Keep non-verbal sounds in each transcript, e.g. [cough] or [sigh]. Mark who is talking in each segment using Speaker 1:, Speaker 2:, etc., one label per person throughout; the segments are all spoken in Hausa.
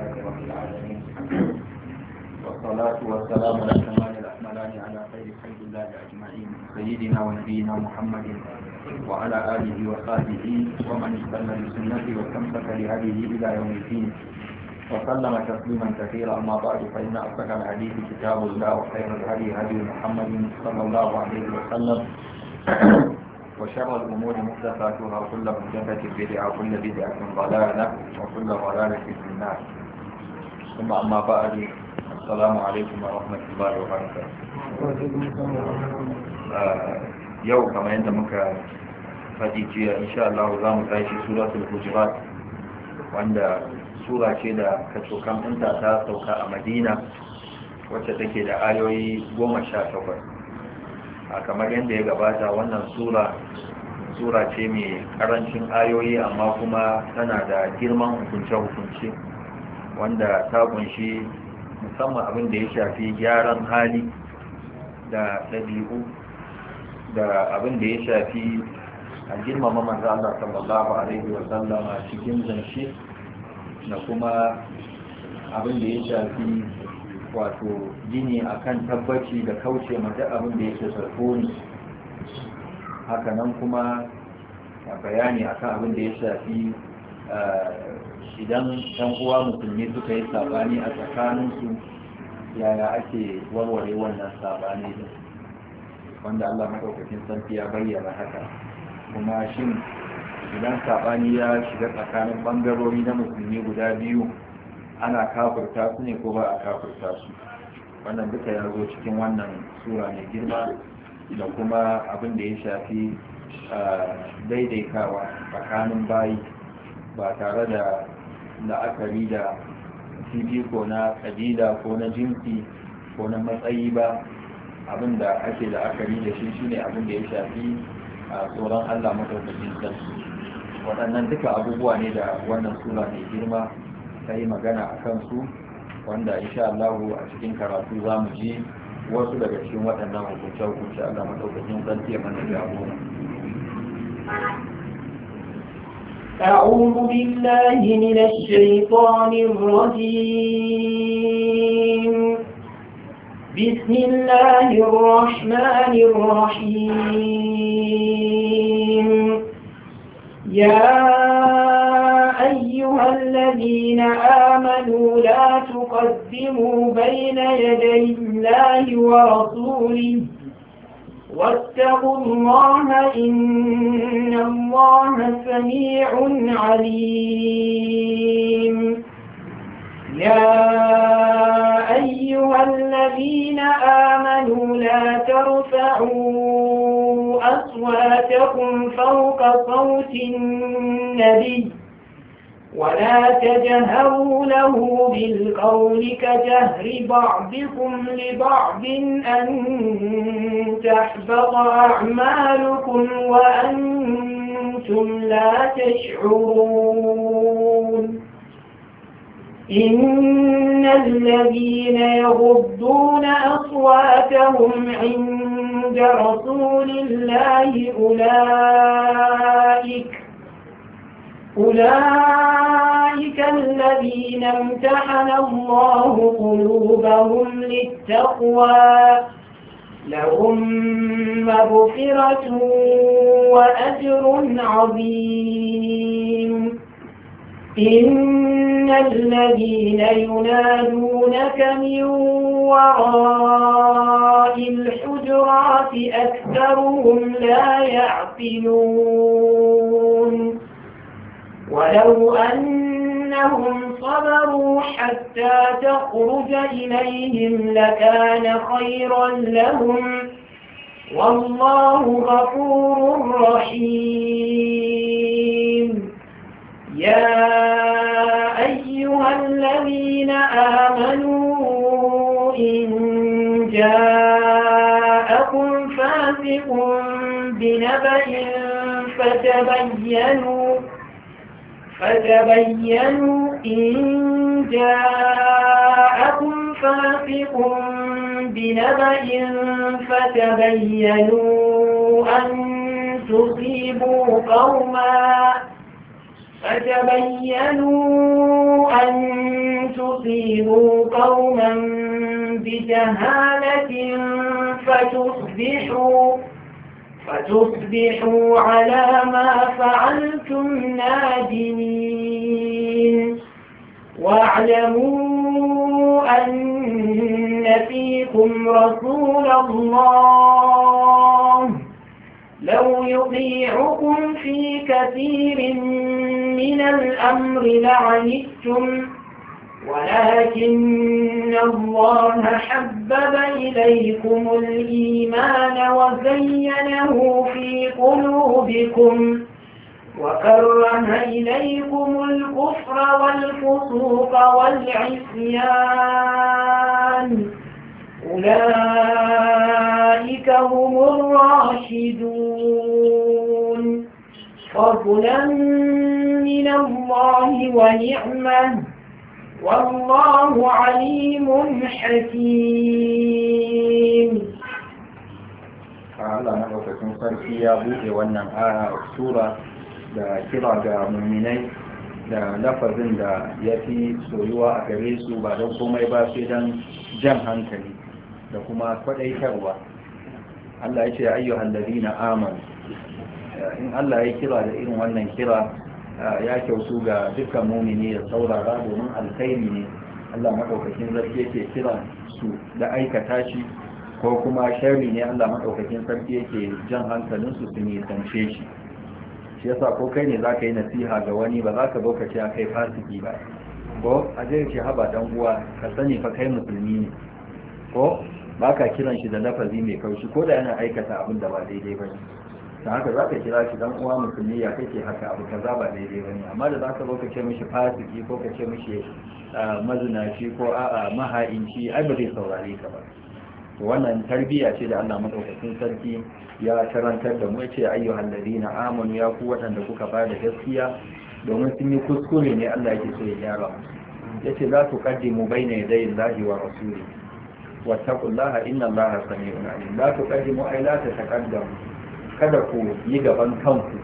Speaker 1: لله رب العالمين والصلاة والسلام على الأكمال الأكملان على خير خير الله أجمعين سيدنا ونبينا محمد وعلى آله وصحبه ومن استنى بسنته واستمسك لهديه إلى يوم الدين وسلم تسليما كثيرا أما بعد فإن أصدق الحديث كتاب الله وخير الهدي هدي محمد صلى الله عليه وسلم وشر الأمور محدثاتها وكل محدثة بدعة وكل بدعة ضلالة وكل ضلالة في النار ثم أما بعد السلام عليكم ورحمة الله وبركاته yau kamar yadda muka faɗi jiya insha Allah za mu tashi suratul hujurat wanda sura da kacokan inta ta sauka a madina wacce take da ayoyi goma sha takwas a kamar yadda ya gabata wannan sura mai karancin ayoyi amma kuma tana da girman hukunce-hukunce wanda ta kunshi musamman abin da ya shafi gyaran hali da ɗabi'u da abin da ya shafi a girmama manzo Allah sallallahu alaihi wa a cikin zance da kuma abin da ya shafi wato gini akan tabbaci da kauce mata abin da ya ce sarfoni hakanan kuma bayani akan abin da ya shafi eh, idan ɗan uwa musulmi suka yi sabani a tsakaninsu yaya ake warware wannan sabani din wanda Allah maɗaukacin sarki ya bayyana haka kuma shin idan sabani ya shiga tsakanin bangarori na musulmi guda biyu ana kafurta su ne ko ba a kafurta su wannan duka ya zo cikin wannan sura mai girma da kuma abin da ya shafi ah, daidaikawa tsakanin bayi ba tare da la'akari da ko na ƙabila ko na jinsi ko na matsayi ba abin da ake la'akari da shi shi ne abin da ya shafi a tsoron allah maɗaukakin sarki waɗannan duka abubuwa ne da wannan sura mai girma ta yi magana a kansu wanda insha allahu a cikin karatu za mu ji wasu daga cikin waɗannan hukunce-hukunce allah maɗaukakin sarki ya mana jagora
Speaker 2: أعوذ بالله من الشيطان الرجيم بسم الله الرحمن الرحيم يا أيها الذين آمنوا لا تقدموا بين يدي الله ورسوله واتقوا الله إن الله سميع عليم يا أيها الذين آمنوا لا ترفعوا أصواتكم فوق صوت النبي ولا تجهروا له بالقول كجهر بعضكم لبعض أن تحبط أعمالكم وأنتم لا تشعرون إن الذين يغضون أصواتهم عند رسول الله أولئك أولئك الذين امتحن الله قلوبهم للتقوى لهم مغفرة وأجر عظيم إن الذين ينادونك من وراء الحجرات أكثرهم لا يعقلون ولو أنهم صبروا حتى تخرج إليهم لكان خيرا لهم والله غفور رحيم يا أيها الذين آمنوا إن جاءكم فاسق بنبأ فتبينوا فتبينوا إن جاءكم فاسق بنبأ فتبينوا أن تصيبوا قوما فتبينوا أن تصيبوا قوما بجهالة فتصبحوا فتصبحوا على ما فعلتم نادمين واعلموا أن فيكم رسول الله لو يطيعكم في كثير من الأمر لعنتم ولكن الله حبب إليكم الإيمان وزينه في قلوبكم وكرم إليكم الكفر والفسوق والعصيان أولئك هم الراشدون فضلا من الله ونعمه والله عليم حكيم
Speaker 1: Allah na ɗaukacin sarki ya buɗe wannan aya sura da kira ga muminai da lafazin da ya fi soyuwa a gare su ba don komai ba sai don jan hankali da kuma kwaɗaitarwa Allah ya ce ayyuhan da na amal in Allah ya kira da irin wannan kira ya kyautu ga dukkan mumini da saurara domin alkhairi ne Allah maɗaukakin sarki yake kira su da aikata shi ko kuma sharri ne Allah maɗaukakin sarki yake jan hankalin su su nisance shi shi yasa ko kai ne zaka yi nasiha ga wani ba zaka zo ka ce kai fasiki ba ko a je ce haba dan uwa ka sani fa kai musulmi ne ko ba ka kiran shi da lafazi mai kaushi ko da yana aikata abin da ba daidai ba ne da haka za ka kira shi dan uwa musulmi ya kake haka abu ka zaba daidai ba ne amma da za ka zo ka ce mishi fasiki ko ka ce mishi mazinaci ko a'a maha'inci ai ba zai saurare ka ba wannan tarbiyya ce da Allah madaukakin sarki ya karantar da mu ce ayyuhal ladina amanu ya ku waɗanda kuka ba da gaskiya domin sun yi kuskure ne Allah yake so ya gyara ya yace za su qaddimu baina yadayi Allahi wa rasuli wattaqullaha inna Allaha sami'un alim la tuqaddimu ay la tataqaddamu kada ku yi gaban kanku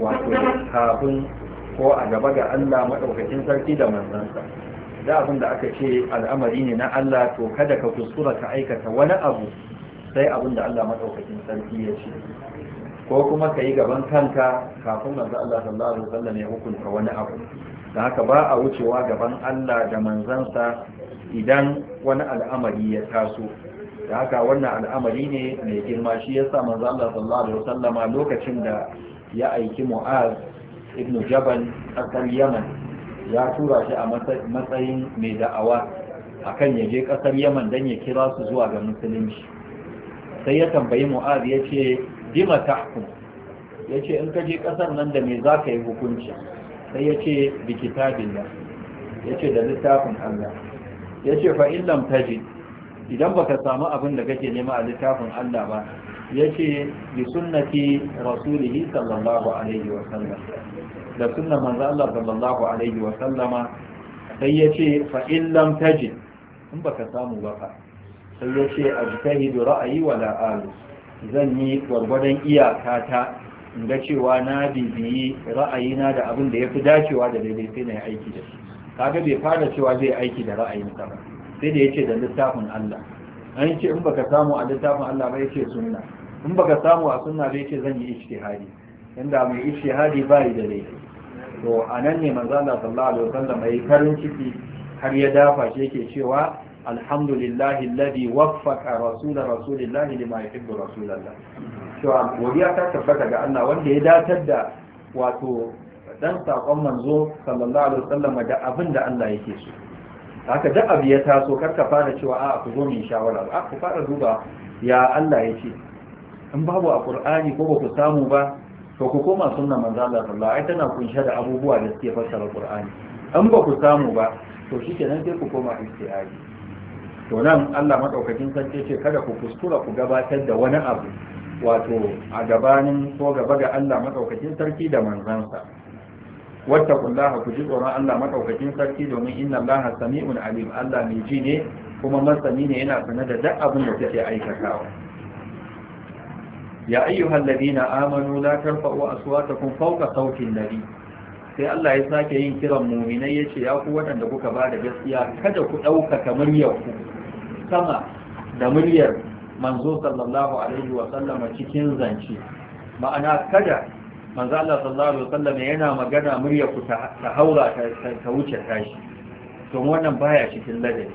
Speaker 1: wato kafin ko a gaba ga Allah maɗaukakin sarki da manzansa da abin da aka ce al'amari ne na Allah to kada ka kuskura ka aikata wani abu sai abin da Allah maɗaukakin sarki ya ce ko kuma ka yi gaban kanka kafin manzo Allah sallallahu alaihi wasallam ya hukunta wani abu da haka ba a wucewa gaban Allah da manzansa idan wani al'amari ya taso haka wannan al'amari ne mai girma shi yasa manzo Allah da wasallama lokacin da ya aiki Mu'az ibn Jabal kasar Yaman ya tura shi a matsayin mai da'awa akan ya je ƙasar Yaman dan ya kira su zuwa ga musulunci sai ya tambayi Mu'az yace bima Ya ce, in ka je kasar nan da me ka yi hukunci sai yace bi Ya yace da littafin Allah Ya ce, in lam tajid idan baka samu abin da kake nema a littafin Allah ba yace bi sunnati rasulih sallallahu alaihi wa sallam da sunnan manzo Allah sallallahu alaihi wa sallama sai yace fa in lam tajid in baka samu ba fa sai yace ajtahidu ra'ayi wa la alu zan yi gwargwadon iyaka ta in ga cewa na bibiyi ra'ayina da abin da yafi dacewa da daidai sai na aiki da shi kaga bai fara cewa zai aiki da ra'ayinsa ba sai da yace da littafin Allah an ce in baka samu a littafin Allah bai ce sunna in baka samu a sunna bai ce zan yi ijtihadi inda mai ijtihadi bai da laifi to anan ne manzo Allah sallallahu alaihi wasallam yayi karin ciki har ya dafa shi yake cewa alhamdulillahi alladhi waffaqa rasula rasulillahi lima yuhibbu rasulullah to godiya ta tabbata ga Allah wanda ya datar da wato dan sakon manzo sallallahu alaihi wasallam da abin da Allah yake so haka duk abu ya taso karka fara cewa a ku zo min shawara A ku fara duba ya Allah ya ce in babu a Qur'ani ko ba ku samu ba to ku koma sunnan manzo Allah sallallahu alaihi tana kunshe da abubuwa da suke fassara Qur'ani in ba ku samu ba to shikenan sai ku koma istiaji to nan Allah madaukakin sarki ce kada ku kuskura ku gabatar da wani abu wato a gabanin ko gaba ga Allah madaukakin sarki da manzansa laha ku ji tsoron Allah madaukakin sarki domin inna Allaha sami'un alim Allah mai ji ne kuma masani ne yana sanar da duk abin da kuke aikatawa ya ayyuhal ladina amanu la tarfa'u aswatakum fawqa sautin nabi sai Allah ya sake yin kiran mu'minai yace ya ku wadanda kuka ba da gaskiya kada ku dauka kamar yau sama da muryar manzo sallallahu alaihi wa sallama cikin zance ma'ana kada manzo Allah sallallahu alaihi yana magana murya ku ta haura ta wuce tashi to wannan baya cikin ladabi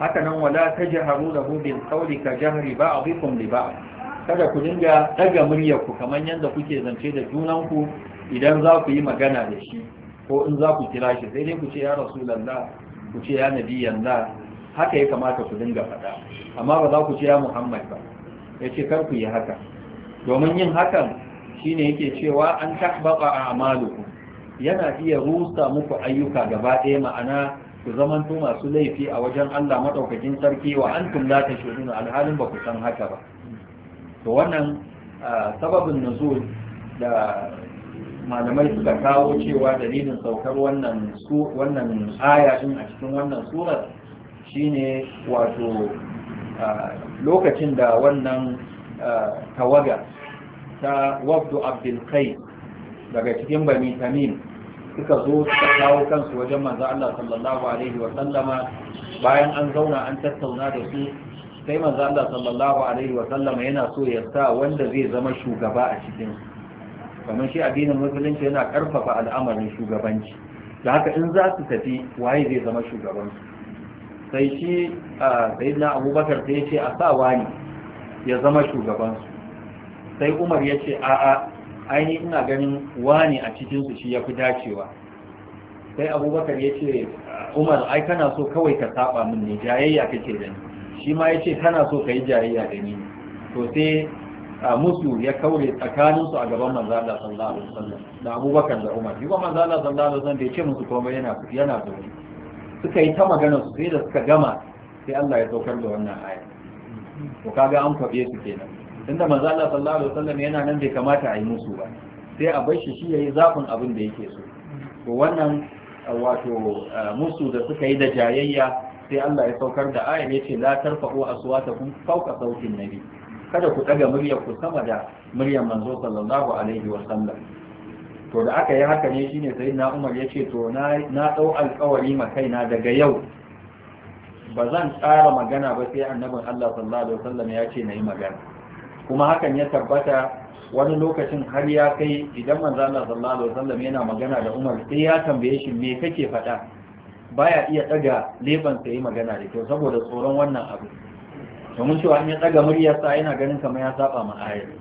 Speaker 1: haka nan wala tajharu lahu bil qawli ka jahri ba'dikum li ba'd kada ku dinga daga murya ku kamar yanda kuke zance da junan ku idan za ku yi magana da shi ko in za ku kira shi sai dai ku ce ya rasulullah ku ce ya nabiyan haka ya kamata ku dinga faɗa amma ba za ku ce ya muhammad ba ya ce kar ku yi haka domin yin hakan shine yake cewa an a amaluku yana iya rusa muku ayyuka gaba ɗaya ma'ana ku zamanto masu laifi a wajen Allah maɗaukakin sarki wa an ta shi tashuruna alhalin ba ku san haka ba to wannan sababin nuzul da malamai suka kawo cewa dalilin saukar wannan wannan aya din a cikin wannan surar shine wato lokacin da wannan tawaga ta wabdu abdul kai daga cikin bani tamim suka zo suka kawo kansu wajen manzo Allah sallallahu alaihi wa sallama bayan an zauna an tattauna da su sai manzo Allah sallallahu alaihi wa sallama yana so ya sa wanda zai zama shugaba a cikin kamar shi addinin musulunci yana karfafa al'amarin shugabanci da haka in za su tafi waye zai zama shugaban sai shi ah, sayyidina abubakar sai ya ce a sa wani ya zama shugabansu sai umar ya ce a'a aini ina ganin wani a cikinsu shi ya fi dacewa sai abubakar ya ce umar ai kana so kawai ka saba min ne jayayya kake da ni shi ma ya ce kana so ka yi jayayya da ni to sai musu ya kaure tsakaninsu a gaban manzala sallallahu alaihi wasallam da abubakar da umar yi wa manzala sallallahu alaihi wasallam da ya ce musu komai yana yana suka yi ta magana su sai da suka gama sai Allah ya saukar da wannan aya to kaga an faɗe su kenan tunda manzo Allah sallallahu alaihi wasallam yana nan bai kamata a yi musu ba sai a bar shi shi yayi zafin abin da yake so to wannan wato musu da suka yi da jayayya sai Allah ya saukar da ayan yace la tarfa'u aswatakum fawqa sautin nabi kada ku daga muryar ku sama da muryar manzo sallallahu alaihi wasallam to da aka yi haka ne shine sai na Umar ya ce to na na dau alƙawari ma kaina daga yau ba zan tsara magana ba sai annabin Allah sallallahu alaihi wasallam ya ce na yi magana kuma hakan ya tabbata wani lokacin har ya kai idan manzo Allah sallallahu alaihi wasallam yana magana da Umar sai ya tambaye shi me kake faɗa baya iya daga leban sai magana da kyau saboda tsoron wannan abu mun cewa an ya daga muryarsa yana ganin kamar ya saba ma ayar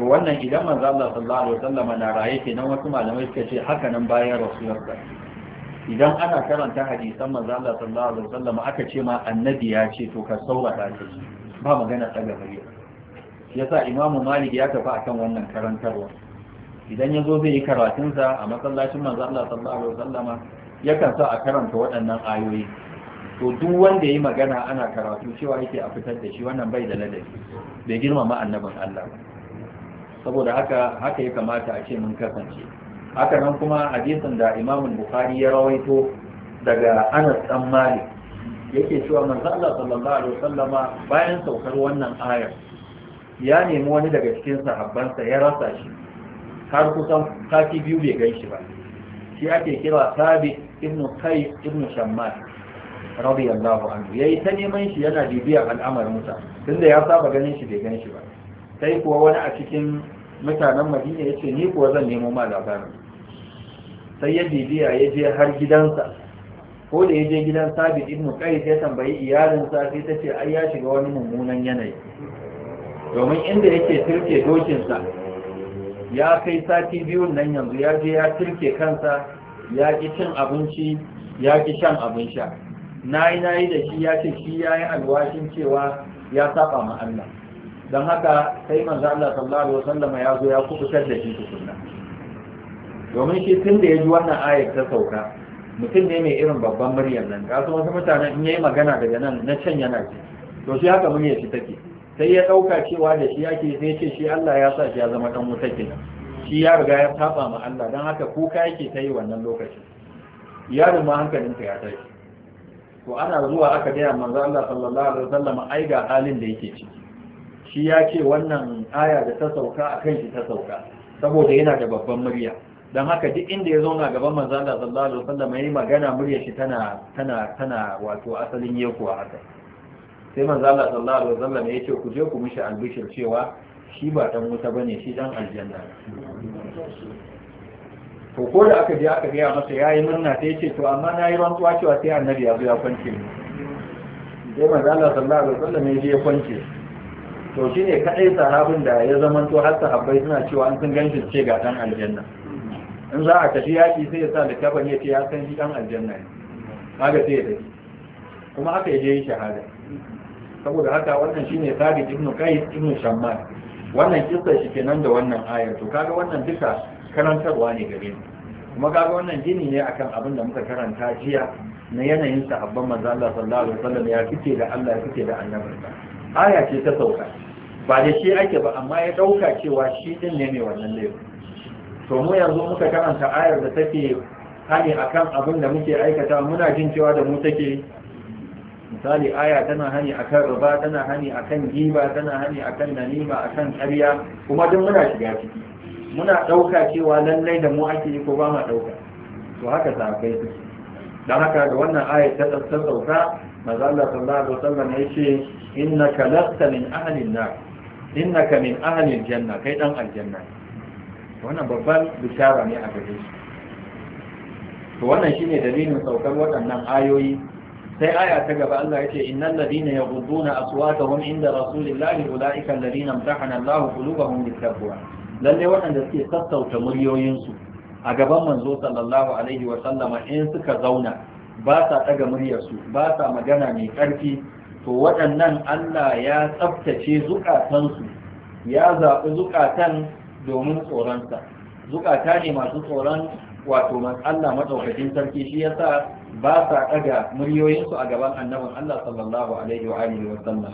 Speaker 1: to wannan idan manzo Allah sallallahu alaihi wasallam na raye nan wasu malamai suka ce haka nan bayan rasulullah idan ana karanta hadisan manzo Allah sallallahu alaihi wasallam aka ce ma annabi ya ce to ka ta ka ba magana daga bari yasa imamu malik ya tafi akan wannan karantarwa idan yazo zai yi karatunsa a masallacin manzo Allah sallallahu alaihi wasallam yakan sa a karanta waɗannan ayoyi to duk wanda yayi magana ana karatu cewa yake a fitar da shi wannan bai da ladabi bai girmama annabin Allah saboda haka haka ya kamata a ce mun kasance haka nan kuma hadisin da imamun Bukhari ya rawaito daga Anas dan Malik yake cewa manzo Allah sallallahu alaihi wasallama bayan saukar wannan ayar ya nemi wani daga cikin sahabbansa ya rasa shi har kusan kati biyu bai gan shi ba shi ake kira sabi ibn kai ibnu Shammas radiyallahu anhu yayi ta neman shi yana bibiyar al'amarin mutane tunda ya saba ganin shi bai gan shi ba sai kuwa wani a cikin mutanen madina ya ce ni kuwa zan nemo ma labarin sai ya bibiya ya je har gidansa ko da ya je gidan sabit ibn kai ya tambayi iyalinsa sai ta ce ai ya shiga wani mummunan yanayi
Speaker 3: domin inda yake turke dokinsa
Speaker 1: ya kai sati biyun nan yanzu ya je ya turke kansa ya ki cin abinci ya ki shan abin sha na yi na da shi ya ce shi ya yi alwashin cewa ya saba ma Allah don haka sai manzo Allah sallallahu alaihi wasallam ya zo ya kubutar da shi tukunna domin shi tun da ya ji wannan ayar ta sauka mutum ne mai irin babban muryar nan ga san wasu mutanen in yayi magana daga nan na can yana ji to shi haka muryar shi take sai ya dauka cewa da shi yake sai ce shi Allah ya sa shi ya zama dan wuta kenan shi ya riga ya saba ma Allah dan haka kuka yake ta yi wannan lokacin Yarin ma hankalinka ya tashi to ana zuwa aka gaya manzo Allah sallallahu alaihi wasallam ai ga halin da yake ciki shi ya ce wannan aya da ta sauka a kan shi ta sauka saboda yana da babban murya don haka duk inda ya zo na gaban Manzala da sallallahu alaihi wasallam yayi magana murya shi tana tana tana wato asalin yekuwa haka sai Manzala da sallallahu alaihi wasallam ya ce ku je ku mishi albishir cewa shi ba dan wuta bane shi dan aljanna to ko da aka je aka gaya masa yayi murna sai ya ce to amma nayi rantsuwa cewa sai annabi ya zo ya kwance ne sai Manzala da sallallahu alaihi wasallam ya je ya kwance to shi ne kaɗai sahabin da ya to har sahabbai suna cewa an sun ganshi ce ga ɗan aljanna in za a tafi yaƙi sai ya sa littafin ya ce ya san shi ɗan aljanna ne kaga sai ya tafi kuma aka je yi shahada saboda haka wannan shi ne sabit ibn qais ibn shammal wannan kissa shi kenan da wannan ayar to kaga wannan duka karantarwa ne gare mu kuma kaga wannan gini ne akan abin da muka karanta jiya na yanayin sahabban manzo Allah sallallahu alaihi wasallam ya fice da Allah ya fice da annabinsa aya ce ta sauka ba da shi ake ba amma ya ɗauka cewa shi ɗin ne mai wannan laifin to mu yanzu muka karanta ayar da take hani akan abin da muke aikata muna jin cewa da mu take misali aya tana hani akan riba tana hani akan giba tana hani akan nanima akan ƙarya kuma duk muna shiga ciki muna ɗauka cewa lallai da mu ake yi ko ba ma ɗauka to haka kai su don haka da wannan aya ta sauka maza Allah sallallahu alaihi wasallam ya ce innaka lasta min ahlin nar innaka min ahlil janna kai dan aljanna wannan babban bishara ne a gare shi to wannan shine dalilin saukar waɗannan ayoyi sai aya ta gaba Allah yace innal ladina yaghudduna aswatahum inda rasulillahi ulaika alladina imtahana Allahu qulubahum littaqwa lalle waɗanda suke sassauta muryoyinsu a gaban manzo sallallahu alaihi wa sallama in suka zauna ba sa ɗaga muryarsu ba sa magana mai ƙarfi to waɗannan Allah ya tsabtace zukatansu ya zaɓi zukatan domin tsoronsa zukata ne masu tsoron wato Allah maɗaukakin sarki shi yasa ba sa ɗaga muryoyinsu a gaban annabin Allah sallallahu alaihi wa alihi wa sallam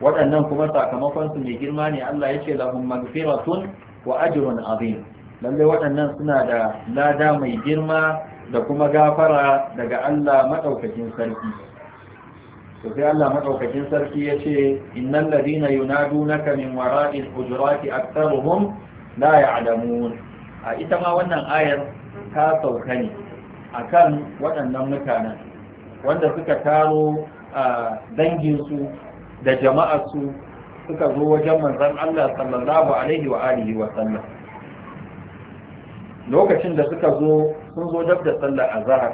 Speaker 1: waɗannan kuma sakamakonsu mai girma ne Allah ya ce lahum magfiratun wa ajrun azim lalle waɗannan suna da lada mai girma da kuma gafara daga Allah madaukakin sarki to sai Allah madaukakin sarki yace innal ladina yunadunaka min wara'il hujurati aktharuhum la ya'lamun a ita ma wannan ayar ta sauka ne kan waɗannan mutanen wanda suka taro a danginsu da jama'arsu suka zo wajen manzon Allah sallallahu alaihi wa alihi wa sallam lokacin da suka zo sun zo dab da a zahar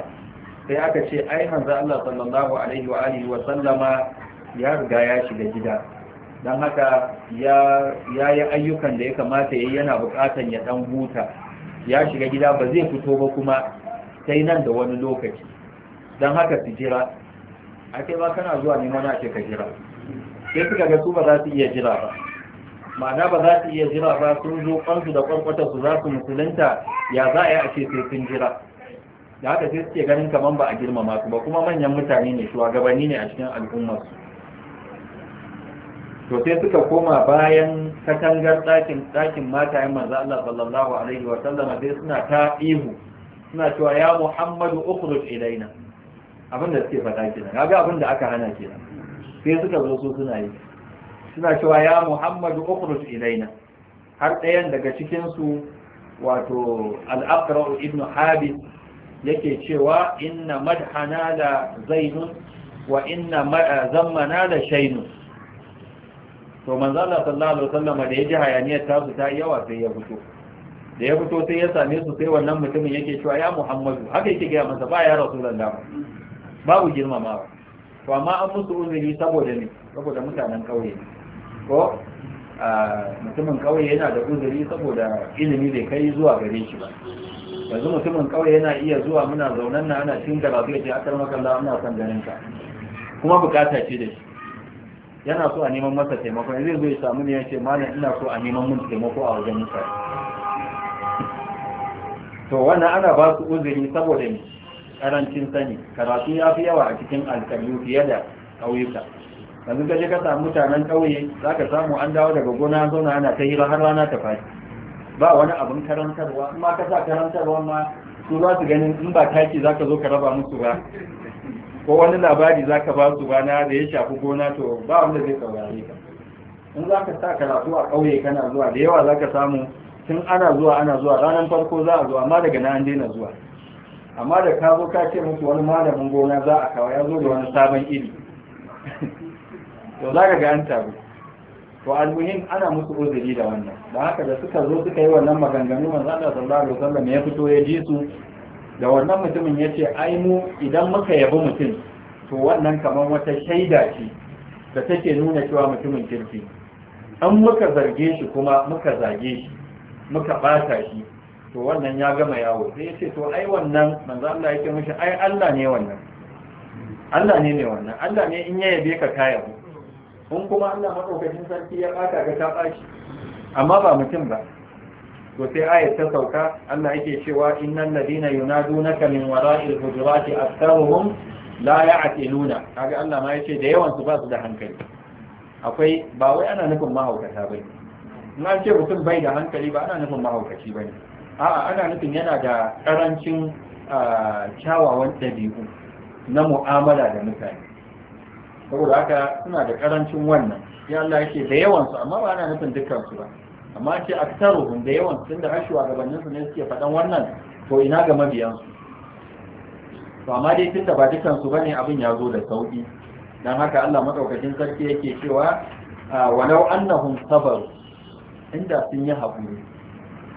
Speaker 1: sai aka ce ai manzo Allah sallallahu alaihi wa alihi wa sallama ya riga ya shiga gida dan haka ya yi ayyukan da ya kamata yayi yana bukatan ya dan huta ya shiga gida ba zai fito ba kuma sai nan da wani lokaci dan haka su jira ba kana zuwa neman ake ka jira sai suka ga su ba za su iya jira ba ma'ana ba za su iya jira ba sun zo kansu da kwankwata su za su musulunta ya za a yi a ce sai sun jira da haka sai suke ganin kamar ba a girmama su ba kuma manyan mutane ne shugabanni ne a cikin al'ummar su to sai suka koma bayan katangar ɗakin ɗakin yamma manzo Allah sallallahu alaihi wa sallama sai suna ta ihu suna cewa ya Muhammadu ukhruj ilaina abinda suke faɗa kenan kaga abinda aka hana kenan sai suka zo su suna yi suna cewa ya muhammadu ukhruj ilaina har ɗayan daga cikinsu wato al-aqra ibn habib yake cewa inna madhana la zainun wa inna zammana la shaynun to manzo Allah sallallahu alaihi wasallam da yaji hayaniyar ta su ta yawa sai ya fito da ya fito sai ya same su sai wannan mutumin yake cewa ya Muhammadu haka yake ga masa ba ya Rasulullah babu girmamawa to amma an musu uzuri saboda ne saboda mutanen kauye ne ko mutumin kauye yana da uzuri saboda ilimi bai kai zuwa gare shi ba yanzu mutumin kauye yana iya zuwa muna zaunan na ana cin gaba zai ce akar makalla muna son ganin ka kuma bukata ce da shi yana so a neman masa taimako zai zo samu ne ya ce malam ina so a neman mun taimako a wajen mutane to wannan ana ba su uzuri saboda ne karancin sani karatu ya fi yawa a cikin alkalu fiye da ƙauyuka yanzu ka je ka samu mutanen ƙauye za ka samu an dawo daga gona zauna ana ta hira har rana ta faɗi ba wani abin karantarwa in ma ka sa karantarwa ma su za su ganin in ba taki za ka zo ka raba musu ba ko wani labari za ka ba su rana da ya shafi gona to ba wanda zai saurare ka in za ka sa karatu a ƙauye kana zuwa da yawa za ka samu tun ana zuwa ana zuwa ranar farko za a zuwa amma daga na an daina zuwa amma da ka zo ka ce musu wani malamin gona za a kawo ya zo da wani sabon iri to za ka ga an to almuhim ana musu uzuri da wannan da haka da suka zo suka yi wannan maganganu manzo Allah sallallahu alaihi wasallam ya fito ya ji su da wannan mutumin yace ai mu idan muka yabi mutum to wannan kamar wata shaida ce da take nuna cewa mutumin kirki an muka zarge shi kuma muka zage shi muka bata shi to wannan ya gama yawo sai yace to ai wannan manzo Allah yake mishi ai Allah ne wannan Allah ne ne wannan Allah ne in ya yabe ka ka in kuma ana maɗaukacin sarki ya ɓata ga ta ɓaci amma ba mutum ba to sai ayat ta sauka Allah yake cewa innal ladina yunadunaka min wara'il hujurati aktharuhum la ya'qiluna kaga Allah ma yace da yawan su ba su da hankali akwai ba wai ana nufin mahaukata bane in an ce mutum bai da hankali ba ana nufin mahaukaci ne. a'a ana nufin yana da karancin ah, kyawawan dabi'u na mu'amala da mutane saboda haka suna da karancin wannan ya Allah yake da yawan amma ba ana nufin dukkan ba amma ce aktaruhum da yawan tun da rashuwa gabanin su ne suke faɗan wannan to ina ga mabiyan su to amma dai tunda ba dukkan su bane abin ya zo da sauki dan haka Allah madaukakin sarki yake cewa walau annahum sabaru inda sun yi haƙuri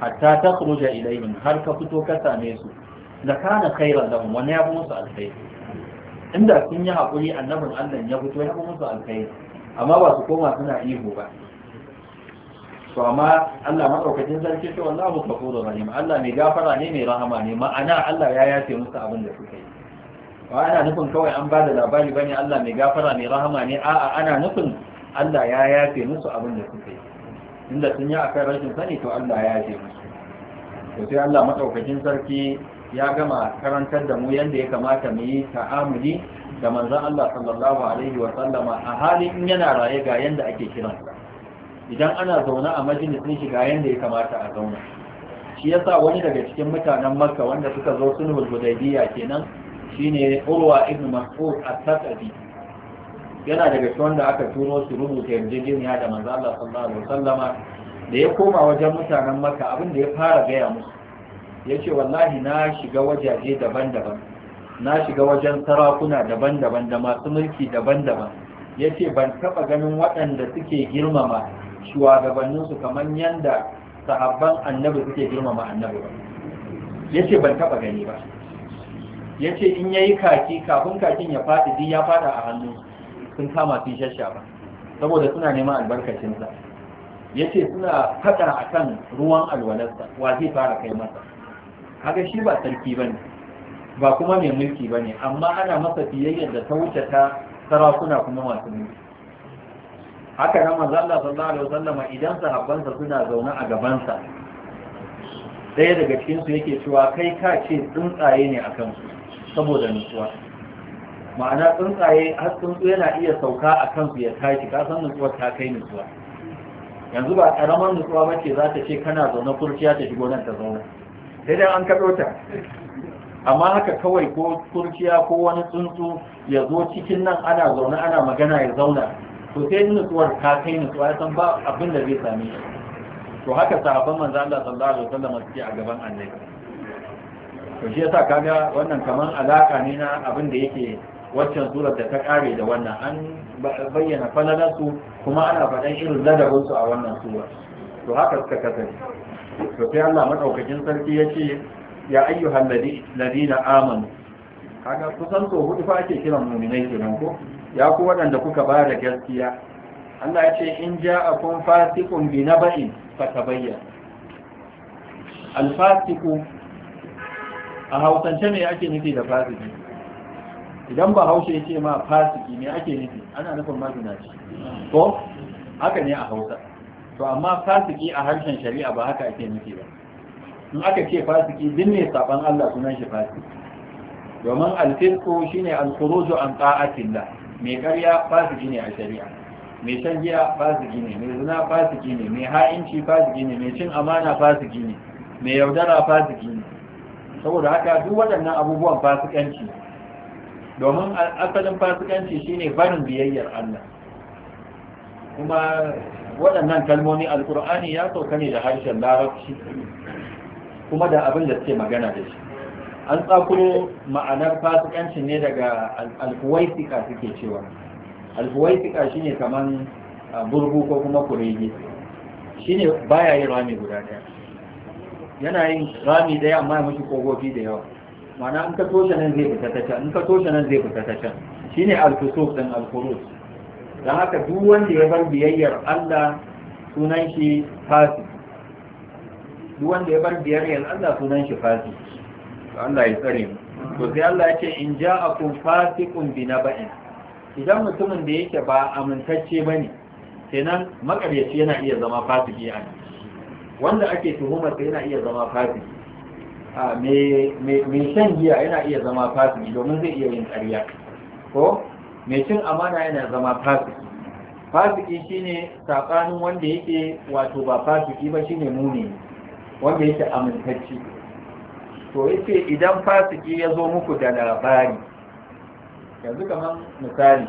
Speaker 1: hatta ta kuruja ilayhim har ka fito ka same su da kana khairan lahum wani ya musu alkhairi inda sun yi haƙuri annabin Allah ya fito ya musu alkhairi amma ba su koma suna ihu ba to amma Allah madaukakin sarki to wallahu kafuru rahim Allah mai gafara ne mai rahama ne ma'ana Allah ya yafe musu abin da suka yi ba ana nufin kawai an bada labari bane Allah mai gafara mai rahama ne a'a ana nufin Allah ya yafe musu abin da suka yi inda sun yi akan rashin sani to Allah ya yafe musu to sai Allah madaukakin sarki ya gama karantar da mu yadda ya kamata mu yi ta'amuli da manzon Allah sallallahu alaihi wa sallama a halin in yana raye ga yadda ake kiran idan ana zaune a majalisin shi ga yadda ya kamata a zauna shi yasa wani daga cikin mutanen Makka wanda suka zo sulhul Hudaybiyya kenan shine Urwa ibn Mas'ud at taqi yana daga cikin wanda aka turo su rubuta yarjejeniya da manzon Allah sallallahu alaihi wa sallama da ya koma wajen mutanen Makka abin da ya fara gaya musu ya ce wallahi na shiga wajaje daban-daban na shiga wajen sarakuna daban-daban da masu mulki daban-daban ya ce ban taɓa ganin waɗanda suke girmama shugabanninsu kamar yadda sahabban annabi suke girmama annabi ba ya ce ban taɓa gani ba ya ce in ya yi kaki kafin kakin ya faɗi din ya faɗa a hannu sun kama sun ba saboda suna neman albarkacinsa ya ce suna faɗa a kan ruwan alwalarsa wa zai fara kai masa haka shi ba sarki ba ne ba kuma mai mulki ba ne amma ana masa fiyayyar da ta wuce ta sarakuna kuma masu mulki haka nan manzo Allah sallallahu alaihi wasallam idan sahabbansa suna zaune a gabansa ɗaya daga cikin su yake cewa kai ka ce tsuntsaye ne akan su saboda nutsuwa ma'ana tsuntsaye har tsuntsu yana iya sauka a kansu ya tashi ka san nutsuwa ta kai nutsuwa yanzu ba karamar nutsuwa ba ce za ta ce kana zaune kurciya ta shigo nan ta zauna sai an kaɗo ta amma haka kawai ko turkiya ko wani tsuntsu ya zo cikin nan ana zaune ana magana ya zauna to sai nutsuwar ka kai nutsuwa ya san ba abin da zai sami to haka sahabban manzo Allah sallallahu alaihi wasallam suke a gaban annabi to shi yasa kaga wannan kaman alaka ne na abin da yake
Speaker 3: wancan surar da ta kare da wannan an bayyana falalarsu kuma ana faɗan irin ladabinsu a wannan surar to
Speaker 1: haka suka kasance to sai Allah madaukakin sarki yace ya ayyuhal ladina amanu kaga kusan to hudu fa ake kiran mu'minai kenan ko ya ku waɗanda kuka ba da gaskiya Allah yace ce in ja'akum fasiqun bi naba'in fatabayya al-fasiqu a hausance ne ake nufi da fasiki idan ba haushe ya ce ma fasiki ne ake nufi ana nufin mazinaci ko haka ne a hausa to amma fasiki a harshen shari'a ba haka ake nufi ba in aka ce fasiki din ne saban Allah sunan shi fasiki domin alfisku shine alkhuruju an ta'atillah mai ƙarya fasiki ne a shari'a mai shan fasiki ne mai zina fasiki ne mai ha'inci fasiki ne mai cin amana fasiki ne mai yaudara fasiki ne saboda haka duk waɗannan abubuwan fasikanci domin asalin fasikanci shine barin biyayyar Allah kuma waɗannan kalmomi alkur'ani ya sauka ne da harshen larabci kuma da abin da suke magana da shi an tsakuro ma'anar fasikancin ne daga alkuwaisika suke cewa shi ne kamar burbu ko kuma kurege shine baya yin rami guda ɗaya. yana yin rami ɗaya amma ya mashi kogofi da yawa Ma'ana in ka toshe nan zai fita ta can in ka toshe nan zai fita ta can Shi ne alfusuf din alkurus. don haka duk wanda ya bar biyayyar Allah sunan shi fasi duk wanda ya bar biyayyar Allah sunan shi fasi Allah ya tsare mu to sai Allah ya ce in ja'akum fasiqun bi naba'in idan mutumin da yake ba amintacce bane kenan makaryaci yana iya zama fasiki a wanda ake tuhumar yana iya zama fasiki a me me shan giya yana iya zama fasiki domin zai iya yin ƙarya ko mai cin amana yana zama fasiki fasiki shine sakanin wanda yake wato ba fasiki ba shine muni wanda yake amintacci to yake idan fasiki ya zo muku da labari yanzu kamar misali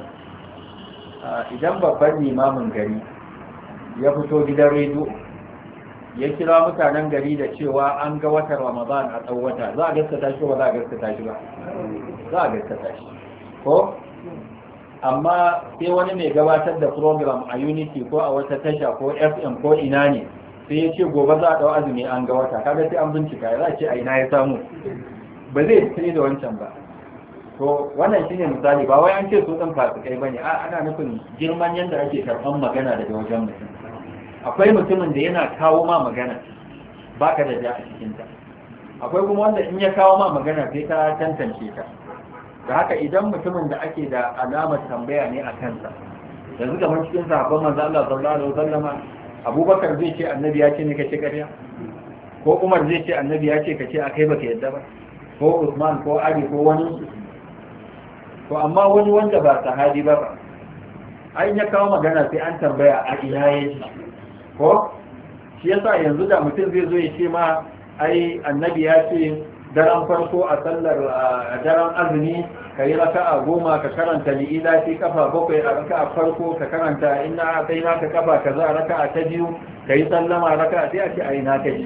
Speaker 1: idan babban limamin gari ya fito gidan rediyo ya kira mutanen gari da cewa an ga watan ramadan a tsawon wata za a gaskata shi ba za a gaskata shi ba za a gaskata shi ko amma sai wani mai gabatar da program a unity ko a wata tasha ko fm ko ina ne sai ya ce gobe za a ɗau azumi an ga wata kaga sai an bincika ya ce a ina ya samu ba zai tsaye da wancan ba to wannan shine misali ba wai an ce su ɗin fasikai ba ne ana nufin girman yadda ake karɓan magana daga wajen mutum akwai mutumin da yana kawo ma magana baka da ja a cikinta akwai kuma wanda in ya kawo ma magana sai ka tantance ka da haka idan mutumin da ake da alamar tambaya ne a kansa yanzu mun cikin sahabban manzo Allah sallallahu alaihi wasallam Abubakar zai ce annabi ya ce ne kace kariya ko Umar zai ce annabi ya ce kace akai baka yadda ba ko Usman ko Ali ko wani to amma wani wanda ba sahabi ba ai ya kawo magana sai an tambaya a ina yake ko shi yasa yanzu da mutum zai zo ya ce ma ai annabi ya ce daren farko a sallar daren azumi ka yi raka a goma ka karanta ila fi kafa bakwai a raka a farko ka karanta ina a kai naka kafa ka za a raka a ta biyu ka yi sallama raka a sai a ce a yi naka yi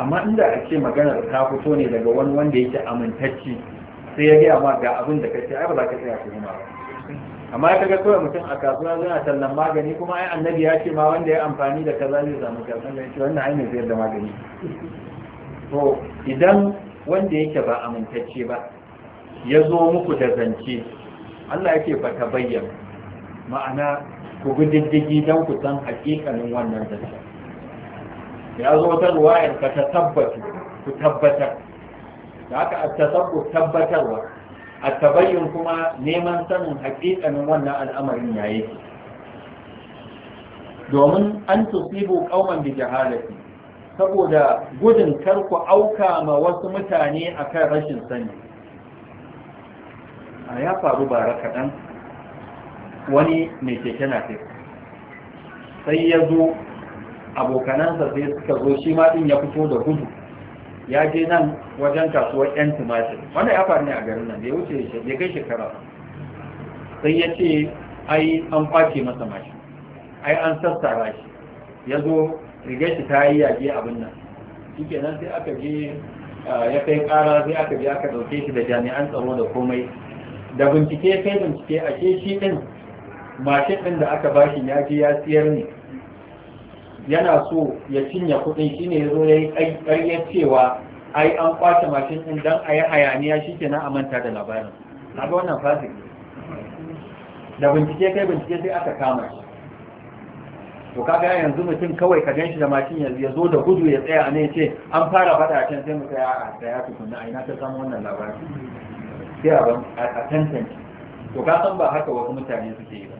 Speaker 1: amma inda a ce maganar ta fito ne daga wani wanda yake amintacci sai ya gaya ma ga abin da ka ce ai ba za ka tsaya ku ba amma ya kaga kawai mutum a kasuwa zana tallan magani kuma ai annabi ya ce ma wanda ya amfani da kaza zai samu kasan ganin wannan ai ne sayar da magani to idan wanda yake ba amintacce ba ya zo muku da zance Allah yake ba ta bayyana ma'ana ku gudiddigi don ku san hakikanin wannan zance ya zo ta ruwayar ka ta tabbata ku tabbatar da aka a tasabbu tabbatarwa a tabayyun kuma neman sanin hakikanin wannan al'amarin yayi domin an tusibu qauman bi jahalati saboda gudun kar ku auka ma wasu mutane a kan rashin sani a ya faru bara kaɗan wani mai keke na fi sai ya zo abokanansa sai suka zo shi ma ɗin ya fito da gudu ya je nan wajen kasuwar 'yan tumatir wanda ya faru ne a garin nan da ya wuce ya kai shekara sai ya ce ai an kwace masa mashi ai an sassara shi ya zo rigar ta yi yage abin nan shike nan sai aka je ah, ya kai ƙara sai aka je aka ɗauke shi da jami'an tsaro da komai da bincike kai bincike a ke shi ɗin mashin ɗin da aka bashi ya je ya siyar ne yana so ya cinye kuɗin ne ya zo ya yi ƙaryar cewa ai an kwace mashin ɗin don a yi hayaniya shi ke na a manta da labarin na ga wannan fasik da bincike kai bincike sai aka kama shi to kaga yanzu mutum kawai ka ganshi da mashin yanzu ya zo da gudu ya tsaya ne ce an fara fada can sai mu tsaya a tsaya tukunna a ina ta samu wannan labarin. sai a ban a tantance to ka san ba haka wasu mutane suke yi ba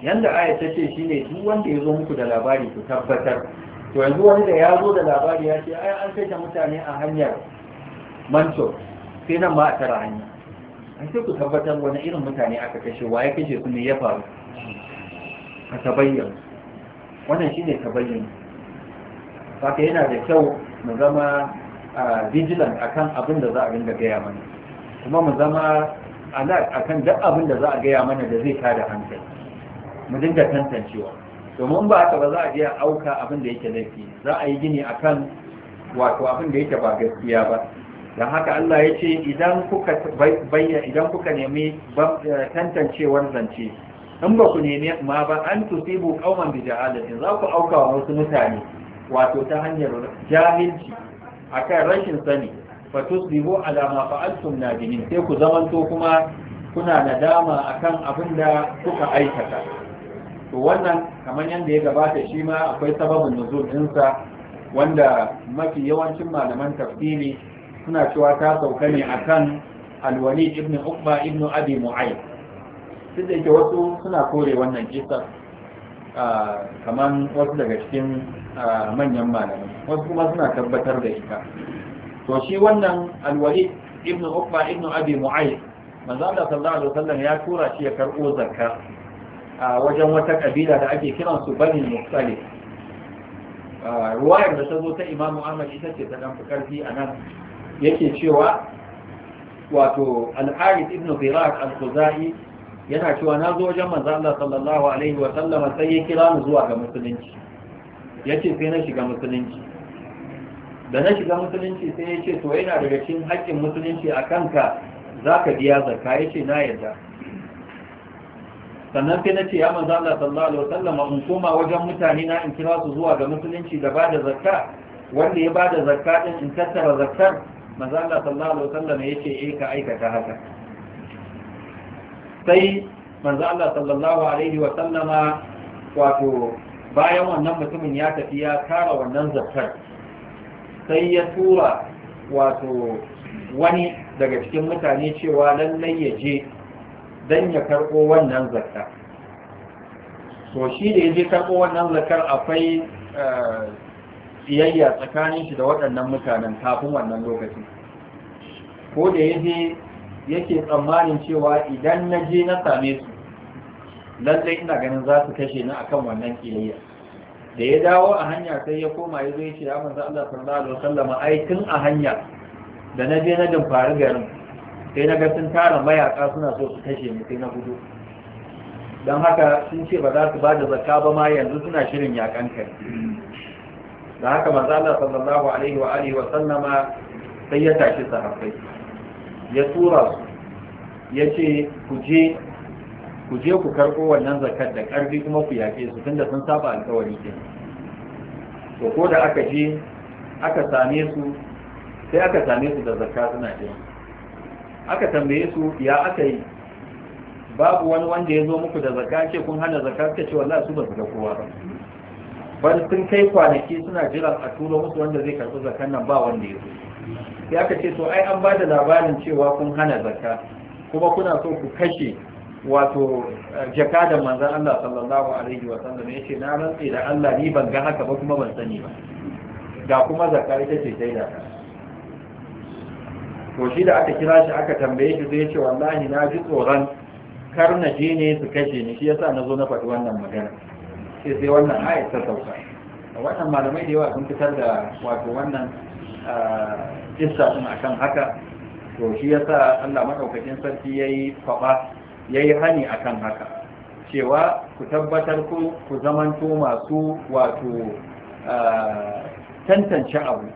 Speaker 1: yanda aya ta ce shine duk wanda ya zo muku da labari ku tabbatar to yanzu wani da ya zo da labari ya ce ai an kashe mutane a hanyar manco sai nan ma a tara hanya an sai ku tabbatar wani irin mutane aka kashe wa ya kashe su ne ya faru a tabayyana wannan shine bayyana. saka yana da kyau mu zama vigilant akan abin da za a ringa gaya mana kuma mu zama alert akan duk abin da za a gaya mana da zai tada hankali mu dinga tantancewa domin ba haka ba za a iya auka abin da yake laifi za a yi gini akan wato abin da yake ba gaskiya ba don haka Allah ya ce idan kuka nemi eh, tantancewar zance in ba ku nemi ma ba an tusibu qauman bi jahalatin za ku auka wa wasu mutane wato ta hanyar jahilci akan rashin sani fa tusbihu ala ma fa'altum nadimin sai ku zamanto kuma kuna nadama akan abin da kuka aikata to wannan kamar yadda ya gabata shi ma akwai sababin nuzul ɗinsa wanda mafi yawancin malaman tafsiri suna cewa ta sauka ne akan alwali ibn ukba ibn abi mu'ayyid duk da yake wasu suna kore wannan kisa kamar wasu daga cikin manyan malamai wasu kuma suna tabbatar da ita to shi wannan alwali ibn ukba ibn abi mu'ayy manzo Allah sallallahu alaihi wasallam ya tura shi ya karbo zakka a wajen wata kabila da ake kiran su bani muqtalib ruwayar da ta zo ta imamu ahmad ita ce ta dan fi karfi anan yake cewa wato al-harith ibn birak al-khuzai yana cewa na zo wajen manzo Allah sallallahu alaihi wa sallama sai ya kira ni zuwa ga musulunci yace sai na shiga musulunci da na shiga musulunci sai ya ce to yana daga cikin haƙƙin musulunci a kanka za ka biya zakka ya ce na yarda sannan sai na ce ya manzo Allah sallallahu alaihi wasallam in koma wajen mutane na in kira su zuwa ga musulunci da bada zakka wanda ya bada zakka din in tattara zakkar manzo Allah sallallahu alaihi wasallam ya ce eh ka aikata haka sai manzo Allah sallallahu alaihi wa sallama wato bayan wannan mutumin ya tafi ya kara wannan zakar, sai ya tura wato wani daga cikin mutane cewa lallai ya je dan ya karɓo wannan zakka to shi da ya je karɓo wannan zakar akwai eh, iyayya tsakanin shi da waɗannan mutanen kafin wannan lokaci, ko da ya je yake tsammanin cewa idan na je na same su lallai ina ganin za su kashe ni akan wannan kiyayya da ya dawo a hanya sai ya koma ya ya ce ya manzo Allah sallallahu alaihi wasallam ai tun a hanya da na je na faru garin sai na ga sun tara mayaka suna so su kashe ni sai na gudu don haka sun ce ba za su ba da zakka ba ma yanzu suna shirin yakan kai da haka manzo Allah sallallahu alaihi wa alihi wa sallama sai ya tashi sahabbai ya tura su ya ce ku je ku karɓo wannan zakar da ƙarfi kuma ku yaƙe su tunda sun saba alkawari ke to ko da aka je aka same su sai aka same su da zakka suna jin aka tambaye su ya aka yi babu wani wanda ya zo muku da zakka ce kun hana zakka suka ce wallahi su ba su ga kowa ba ban sun kai kwanaki suna jiran a turo musu wanda zai karɓi zakkan nan ba wanda ya zo Ya ka ce to ai an ba da labarin cewa kun hana zakka kuma kuna so ku kashe wato eh, da manzan Allah sallallahu alaihi wa sallam yace na rantsi da Allah ni ban ga haka ba kuma ban sani ba ga kuma zakka ita ce dai da to shi da aka kira shi aka tambaye shi sai yace wallahi na ji tsoron kar na je ne su kashe ni shi yasa na zo na faɗi wannan magana sai sai wannan ayat ta sauka wannan malamai da yawa sun fitar da wato wannan kissa din akan haka to shi yasa Allah madaukakin sarki yayi faba yayi hani akan haka cewa ku tabbatar ku ku zamanto masu wato tantance abu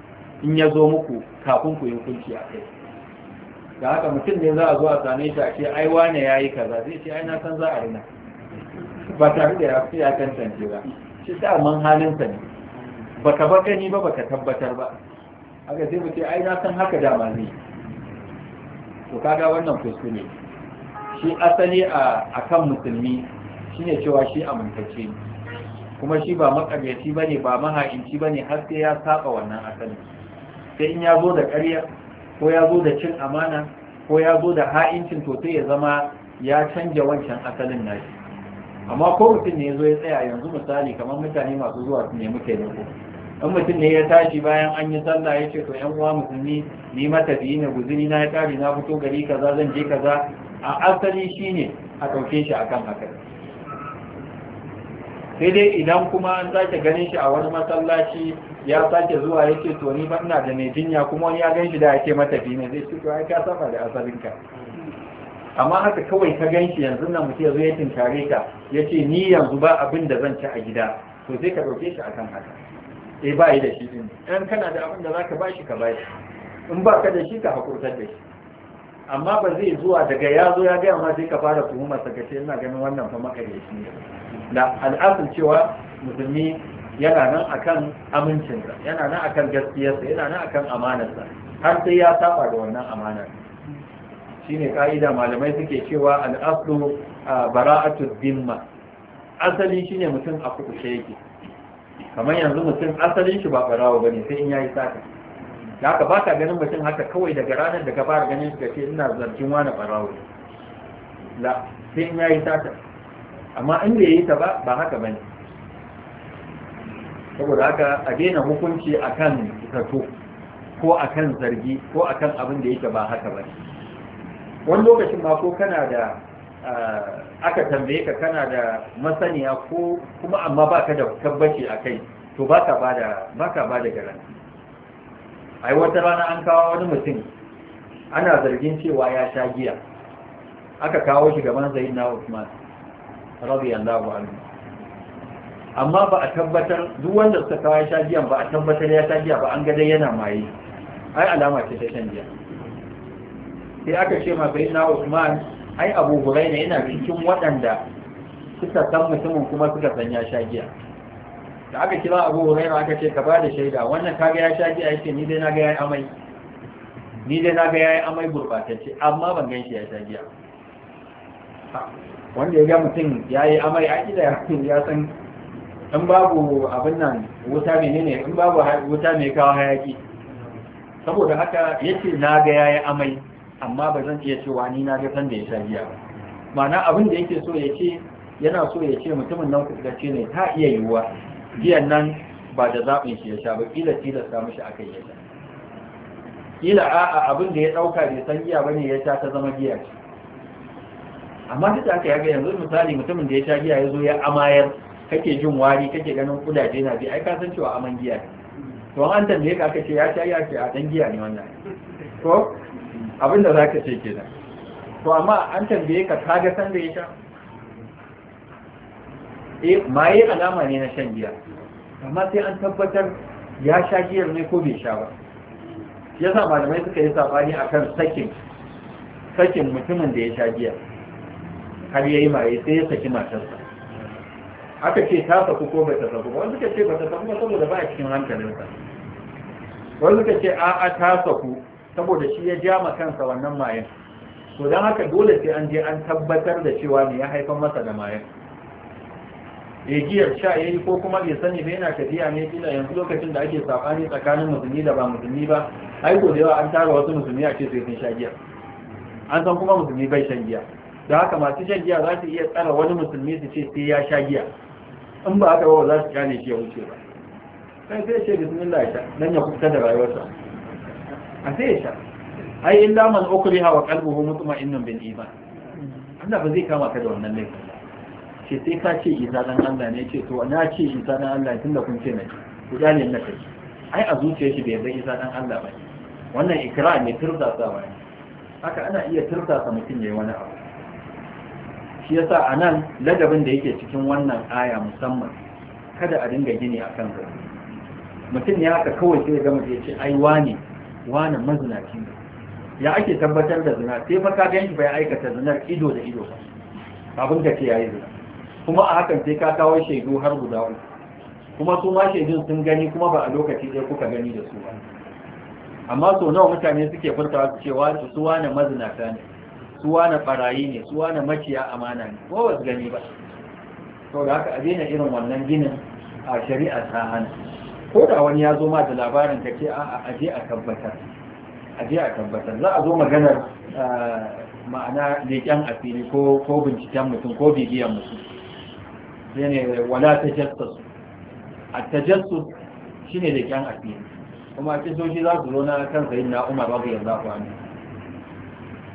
Speaker 1: in ya zo muku kafin ku yi hukunci a kai da haka mutum ne za a zo a same shi a ce ai wane yayi kaza zai ce ai na san za a rina ba tare da ya ya tantance ba shi da man halinsa ne baka baka ni ba baka tabbatar ba haka sai mu ai na san haka dama ne to kaga wannan kuskure shi asali a kan musulmi shine cewa shi amintacce kuma shi ba ba ne ba maha'inci bane har sai ya saba wannan asali sai in ya zo da karya, ko ya zo da cin amana ko ya zo da ha'incin to sai ya zama ya canja wancan asalin nashi amma ko mutum ne ya zo ya tsaya yanzu misali kamar mutane masu zuwa su nemi taimako in mutum ne ya tashi bayan an yi sallah ya ce to yan uwa musulmi ni matafiyi ne guzuri na ya kare na fito gari kaza zan je kaza a asali shine a ɗauke shi akan haka sai dai idan kuma an sake ganin shi a wani masallaci ya sake zuwa ya ce to ni ba ina da mai jinya kuma wani ya gan shi da ya ce matafi ne zai ce to ai ka saba da asalinka amma haka kawai ka gan shi yanzu nan mutum ya zo ya tinkare ka ya ce ni yanzu ba abin da zan ci a gida to sai ka ɗauke shi akan haka eh ba da shi din in kana da abin da zaka bashi ka bashi in ba ka da shi ka hakurtar da shi amma ba zai zuwa daga ya zo ya gaya ma sai ka fara tuhumar sa kace ina ganin wannan fa makareci ne da al'asul cewa musulmi yana nan akan amincinsa yana nan akan gaskiyarsa yana nan akan amanarsa har sai ya saba da wannan amanar shine ka'ida malamai suke cewa al'aslu bara'atu dimma asali shine mutum a kuɗushe yake kamar yanzu mutum asalin shi ba farawa ba ne sai in yayi sata da haka ba ka ganin mutum haka kawai daga ranar da ka ganin shi gace ina zargin wani farawa ne la sai in yayi sata amma in bai yi ta ba ba haka ba ne saboda haka a daina hukunci akan zato ko akan zargi ko akan abin da yake ba haka ba ne wani lokacin ma ko kana da Eh, aka tambaye ka kana da masaniya ko kuma amma baka da tabbaci a kai to baka bada baka bada garanti ai wata rana an kawo wani mutum ana zargin cewa ya sha giya aka kawo shi gaban zain na Uthman radiyallahu anhu amma ba a tabbatar duk wanda suka kawo ya sha giya ba a tabbatar ya sha giya ba an ga dai yana maye ai alama ce ta shan giya sai aka ce ma zaid na Uthman ai abu huraira yana cikin waɗanda suka san mutumin kuma suka san ya sha giya da aka kira abu huraira aka ce ka bada shaida wannan kaga ya sha giya yake ni dai na ga yayi amai ni dai na ga yayi amai gurbatacce amma ban gan shi ya sha giya wanda ya ga mutum ya yi amai a gida ya san in babu abin nan wuta menene in babu wuta mai kawo hayaki saboda haka yace na ga yayi amai amma ba zan iya cewa ni na ga san da ya sha giya ba ma'ana abin da yake so ya ce yana so ya ce mutumin nan ce ne ta iya yiwuwa giyan nan ba da zaɓin shi ya sha ba kila tilasta mishi akai ya sha kila a'a abin da ya ɗauka bai san giya bane ya sha ta zama giya ce amma duk da aka yaga yanzu misali mutumin da ya sha giya ya zo ya amayar kake jin wari kake ganin kudaje na bi ai ka san cewa aman giya ne to an tambaye ka aka ce ya sha giya ce a dan giya ne wannan to abinda za ka ce kenan to amma an tambaye ka kaga san da ya sha E, maye alama ne na shan giya amma sai an tabbatar ya sha giyar ne ko bai sha ba yasa malamai suka yi sabani akan sakin sakin mutumin da ya sha giya har yi maye sai ya saki matarsa aka ce ta saku ko bai ta saku ba wanda suka ce ba ta saku ba saboda ba a cikin hankalinsa wanda suka ce a'a ta saku saboda shi ya ja ma kansa wannan mayan to don haka dole sai an je an tabbatar da cewa ne ya haifa masa da mayan igiyar sha yayi ko kuma bai sani ba yana tafiya ne kila yanzu lokacin da ake sabani tsakanin musulmi da ba musulmi ba ai ko da yawa an tara wasu musulmi a ce sai sun sha giya an san kuma musulmi bai shan giya da haka masu shan giya za su iya tsara wani musulmi su ce sai ya sha giya in ba haka ba za su gane shi ya wuce ba sai sai ce bismillah ya sha dan ya kuka da rayuwarsa a sai ya sha ai illa man ukriha wa qalbuhu mutma'innun bil iman Allah ba zai kama ka da wannan ne ce sai ka ce isa dan Allah ne ce to na ce isa dan Allah tunda kun ce na ce ku gane na kai ai a zuciyar shi bai yarda isa dan Allah ba wannan ikra ne turzasawa ne haka ana iya tursasa mutum yayi wani abu shi yasa anan ladabin da yake cikin wannan aya musamman kada a dinga gini akan ka mutum ya haka kawai sai ga mutum ya ce ai wani wani mazinaki ne ya ake tabbatar da zina sai fa ga yanki bai aikata zinar ido da ido abin da ke yayi zina kuma a hakan sai ka kawo shaidu har guda uku kuma su ma shaidun sun gani kuma ba a lokaci ɗaya kuka gani da su ba amma so nawa mutane suke furtawa su cewa su wani mazinata ne su wani barayi ne su wani maciya amana ne ko ba su gani ba to da haka a daina irin wannan ginin a shari'a ta hana ko da wani ya zo ma da labarin ka ce a aje a tabbatar aje a tabbatar za a zo maganar eh, ma'ana leƙen asiri ko ko binciken mutum ko bibiyan mutum sai ne wala tajassus a tajassus shine leƙen asiri kuma kisoshi za su zo na kan sayin na umar rabu yanzu ku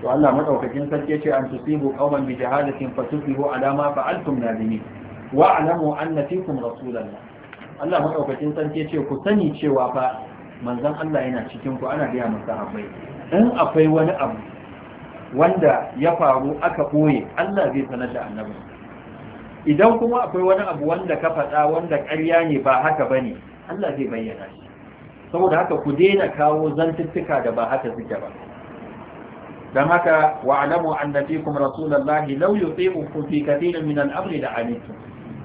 Speaker 1: to Allah madaukakin sarki ce an tusibu qauman bi jahalatin fatusibu ala ma fa'altum nadimi wa alamu anna fikum rasulullah Allah maɗaukacin sarki ya ce ku sani cewa fa manzon Allah yana cikinku, ana biya masa abai in akwai wani abu wanda ya faru aka ɓoye Allah zai sanar da annabi idan kuma akwai wani abu wanda ka faɗa wanda ƙarya ne ba haka ba ne Allah zai bayyana shi saboda haka ku daina kawo zantuttuka da ba haka suke ba Dan haka wa'alamu annabikum rasulullahi law yuti'ukum fi kathirin min al-amri la'anitum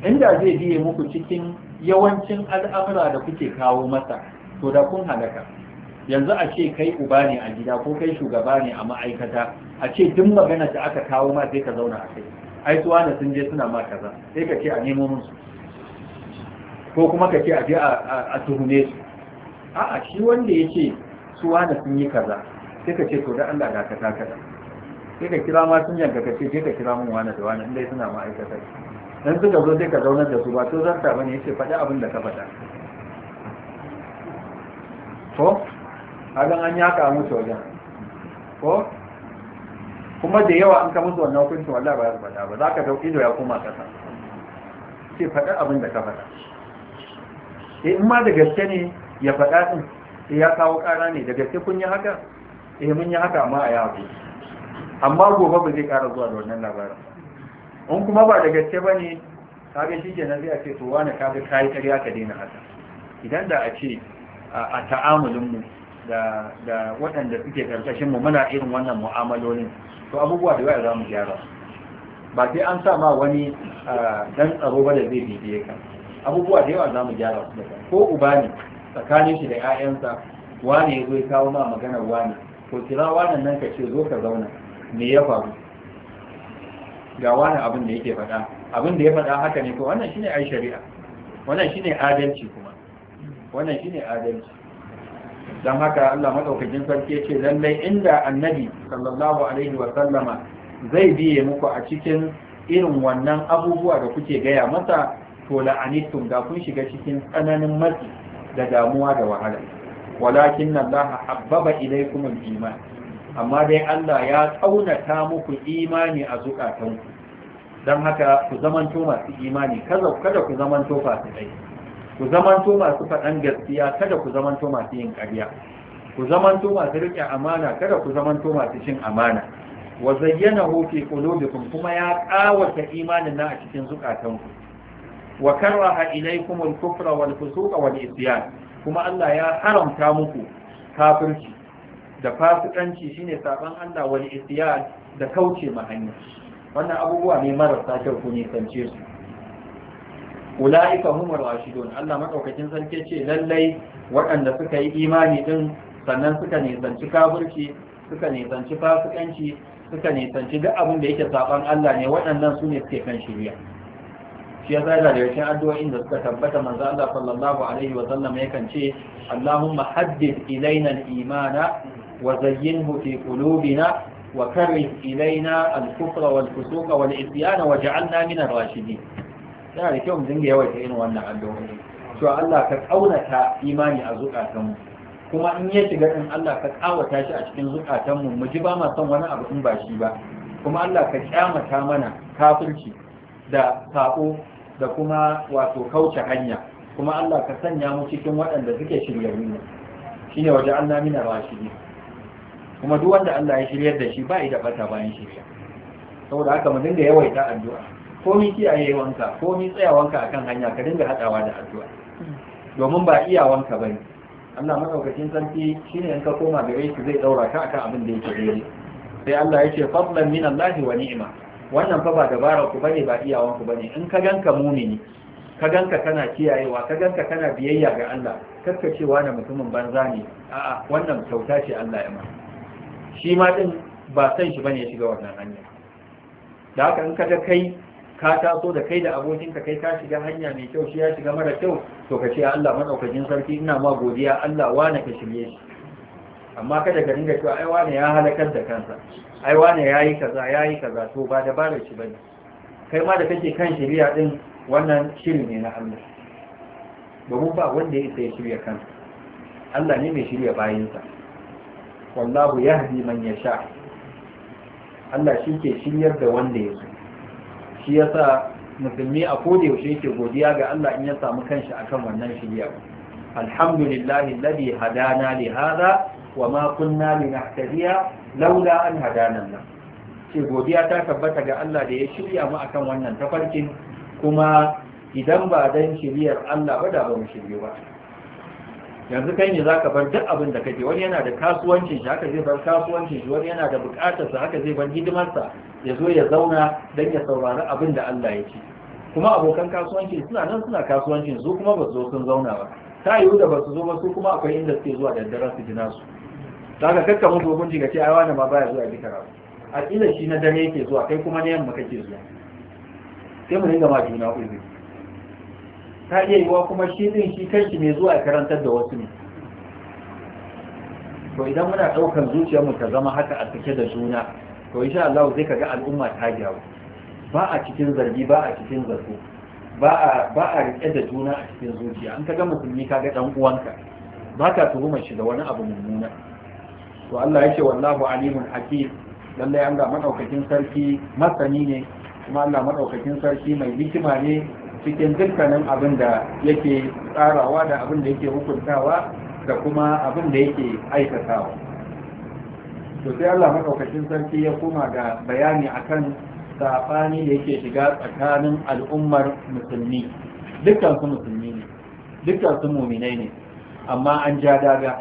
Speaker 1: inda zai biye muku cikin yawancin al'amura da kuke kawo masa to da kun halaka yanzu a ce kai uba ne a gida ko kai shugaba ne a ma'aikata a ce duk magana da aka kawo ma sai ka zauna a kai ai suwa na sun je suna ma kaza sai ka ce a nemo musu ko kuma ka ce a je a tuhume su a'a shi wanda ya ce suwa na sun yi kaza sai ka ce to da Allah da ka ta kaza sai ka kira ma sun yanka ka ce sai ka kira mun wani da wani inda suna ma'aikata dan suka zo sai ka zaunar da su ba to zan ta bane yace faɗi abin da ka faɗa ko hagan an ka musu wajen ko kuma da yawa an ka musu wannan hukunci wallahi ba zai su faɗa ba za ka dauki ido ya koma kasa ce faɗi abin da ka faɗa eh in ma da gaske ne ya faɗa din eh ya kawo ƙara ne da gaske kun yi haka eh mun yi haka amma a yawo amma gobe ba zai ƙara zuwa da wannan labarin in kuma ba da gaske ba ne kaga shi ke nan zai a ce to wani kaga kayi karya ka daina haka idan da a ce a ta'amulinmu da waɗanda suke ƙarƙashinmu muna irin wannan mu'amalolin to abubuwa da yawa za mu gyara ba sai an sa ma wani dan tsaro ba da zai bibiye ka abubuwa da yawa za mu gyara ko uba ne tsakanin shi da 'ya'yansa wane ya zo ya kawo ma maganar wane to kira wannan nan ka ce zo ka zauna me ya faru ga wani abin da yake faɗa abin da ya faɗa haka ne to wannan shine ai shari'a wannan shine adalci kuma wannan shine adalci dan haka Allah madaukakin sarki yace lalle inda annabi sallallahu alaihi wa sallama zai biye muku a cikin irin wannan abubuwa da kuke gaya masa to la'anitum da kun shiga cikin tsananin matsi da damuwa da wahala walakin Allah habbaba ilaykum al-iman amma dai Allah ya tsaunata muku imani a zukatanku don haka ku zamanto masu imani kada ku zamanto fasidai ku zamanto masu faɗan gaskiya kada ku zamanto masu yin ƙarya ku zamanto masu riƙe amana kada ku zamanto masu cin amana wa zayyana fi qulubikum kuma ya ƙawata imanin na a cikin zukatanku wa karaha ilaykum al-kufra wal fusuqa wal isyan kuma Allah ya haramta muku kafirci da fasikanci shine saban Allah Wani isyan da kauce ma wannan abubuwa ne marasa kyau ku ne sance su ulaika humur rashidun Allah madaukakin sarki ce lallai waɗanda suka yi imani din sannan suka nisanci kafirci suka nisanci fasikanci suka nisanci duk abin da yake saban Allah ne waɗannan su ne suke kan shirya shi yasa yana da cikin addu'o'in da suka tabbata manzo Allah sallallahu alaihi wa sallam yakan ce Allahumma haddid ilaina al-imana وزينه في قلوبنا وكره إلينا الكفر والفسوق والعصيان وجعلنا من الراشدين يعني كم زنجي يوجد إن وانا عدوني ka الله imani a أزوكاتهم kuma in ya shiga in Allah ka kawata shi a cikin zukatanmu mu ji ba ma son wani abu in ba shi ba kuma Allah ka kyamata mana kafirci da sako da kuma wato kauce hanya kuma Allah ka sanya mu cikin waɗanda suke shiryayyu ne shine waje Allah mina rashidi kuma duk wanda Allah ya shiryar da shi ba ya bata bayan shirya saboda haka mu dinga yawaita addu'a komi kiyayewanka komi tsayawanka akan hanya ka dinga hadawa da addu'a domin ba iyawanka bane Allah madaukakin sarki shine in ka koma gare shi zai daura ka akan abin da yake daidai sai Allah ya ce fadlan min Allah wa ni'ma wannan fa ba dabara ku bane ba iya ku bane in ka ganka mumini ka ganka kana kiyayewa ka ganka kana biyayya ga Allah kakkacewa cewa na mutumin banza ne a'a wannan kyauta ce Allah ya maka shi ma din ba san shi bane ya shiga wannan hanya da haka in ga kai ka taso da kai da abokinka kai ka shiga hanya mai kyau shi ya shiga mara kyau to ka ce Allah madaukakin sarki ina ma godiya Allah wane ka shirye shi amma kada ka dinga cewa ai wane ya halakar da kansa ai wane yayi kaza yayi kaza to ba da bare shi bane kai ma da kake kan shari'a din wannan shiri ne na Allah mu ba wanda ya isa ya shirya kansa Allah ne mai shirya bayinsa wallahu yahdi man yasha Allah shi ke shiryar da wanda ya so shi yasa musulmi a koda yaushe yake godiya ga Allah in ya samu kanshi akan wannan shiriya alhamdulillahi alladhi hadana li hadha wa ma kunna linahtadiya laula an hadana Allah ce godiya ta tabbata ga Allah da ya shirya mu akan wannan tafarkin kuma idan ba dan shiryar Allah ba da ba mu shirye ba yanzu kai ne zaka bar duk abin da kake wani yana da kasuwancin shi haka zai bar kasuwancin shi wani yana da bukatar sa haka zai bar hidimarsa ya zo ya zauna dan ya saurari abin da Allah ya ce kuma abokan kasuwanci suna nan suna kasuwancin su kuma ba zo sun zauna ba ta yiwu da ba su zo ba su kuma akwai inda suke zuwa da daddare su jina su ka kakka mutu hukunci ka ce ai wani ma baya zuwa bikara a ƙila shi na dare yake zuwa kai kuma na yamma kake zuwa sai mu dinga ma juna uzuri ta iya yiwa kuma shi din shi kanshi mai zuwa karantar da wasu ne to idan muna ɗaukar mu ta zama haka a cike da juna to insha Allah zai kaga al'umma ta gyaru ba a cikin zargi ba a cikin zato ba a ba rike da juna a cikin zuciya an kaga musulmi ga dan uwanka ba ka tuhumar shi da wani abu mummuna to Allah ya ce wallahu alimun hakim lallai an ga maɗaukakin sarki masani ne kuma Allah madaukakin sarki mai hikima ne cikin dukkanin abin da yake tsarawa da abin da yake hukuntawa da kuma abin da yake aikatawa to sai Allah madaukakin sarki ya koma ga bayani akan saɓani da yake shiga tsakanin al'ummar musulmi dukkan su musulmi ne dukkan su muminai ne amma an ja daga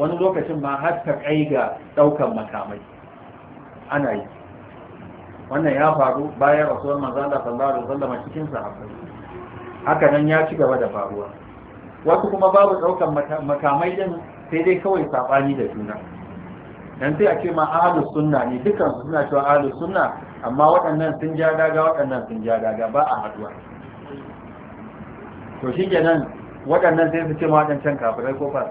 Speaker 1: wani lokacin ma har ta kai ga ɗaukar makamai ana yi wannan ya faru bayan rasuwar manzo sallallahu alaihi wasallam cikin sahabbai haka nan ya ci gaba da faruwa wasu kuma babu ɗaukar makamai din sai dai kawai saɓani da juna dan sai a ce ma ahlus sunna ne dukan suna cewa ahlus sunna amma waɗannan sun ja daga waɗannan sun ja daga ba a haduwa to shi kenan waɗannan sai su ce ma waɗancan kafirai ko kai,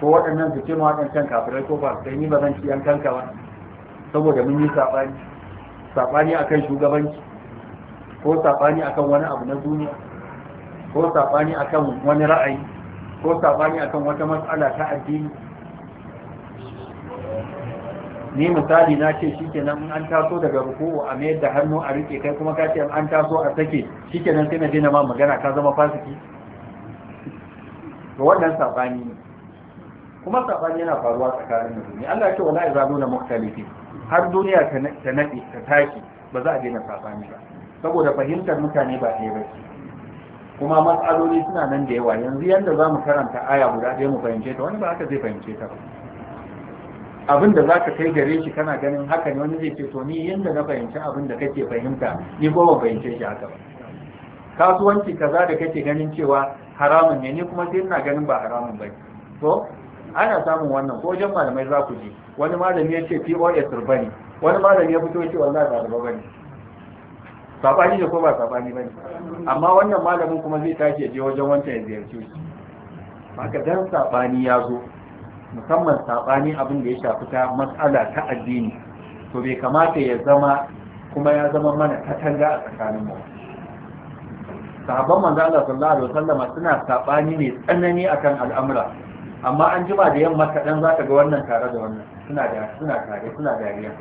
Speaker 1: ko waɗannan su ce ma waɗancan kafirai ko kai, ni ba zan ci yan kanka ba saboda mun yi saɓani saɓani akan shugabanci ko sabani akan wani abu na duniya ko sabani akan wani ra'ayi ko sabani akan wata matsala ta addini ni misali na ce shikenan in an taso daga ruku'u a mayar da hannu a rike kai kuma ka ce an taso a sake shikenan sai na dina ma magana ka zama fasiki to wannan sabani ne kuma sabani yana faruwa tsakanin mutane Allah ya ce wala yazaluna mukhtalifin har duniya ta nade ta taki ba za a daina sabani ba saboda fahimtar mutane ba ɗaya ba kuma matsaloli suna nan da yawa yanzu yadda za mu karanta aya guda ɗaya mu fahimce ta wani ba haka zai fahimce ta abin da za ka kai gare shi kana ganin haka ne wani zai ce to ni yadda na fahimci abin da kake fahimta ni ko ban fahimce shi haka ba kasuwanci kaza da kake ganin cewa haramun ne ni kuma sai ina ganin ba haramun ba to ana samun wannan ko wajen malamai za ku je, wani malami ya ce pos ba ne wani malami ya fito cewa ce wallahi ba ba ne sabani ne ko ba sabani bane amma wannan malamin kuma zai tashi je wajen wancan ya ziyarci shi haka dan sabani ya zo musamman sabani abin da ya shafi ta matsala ta addini to bai kamata ya zama kuma ya zama mana katanga a tsakanin mu sahabban manzo Allah sallallahu alaihi wasallam suna sabani ne tsanani akan al'amura amma an jima da yamma kaɗan za ka ga wannan tare da wannan suna da suna tare suna dariya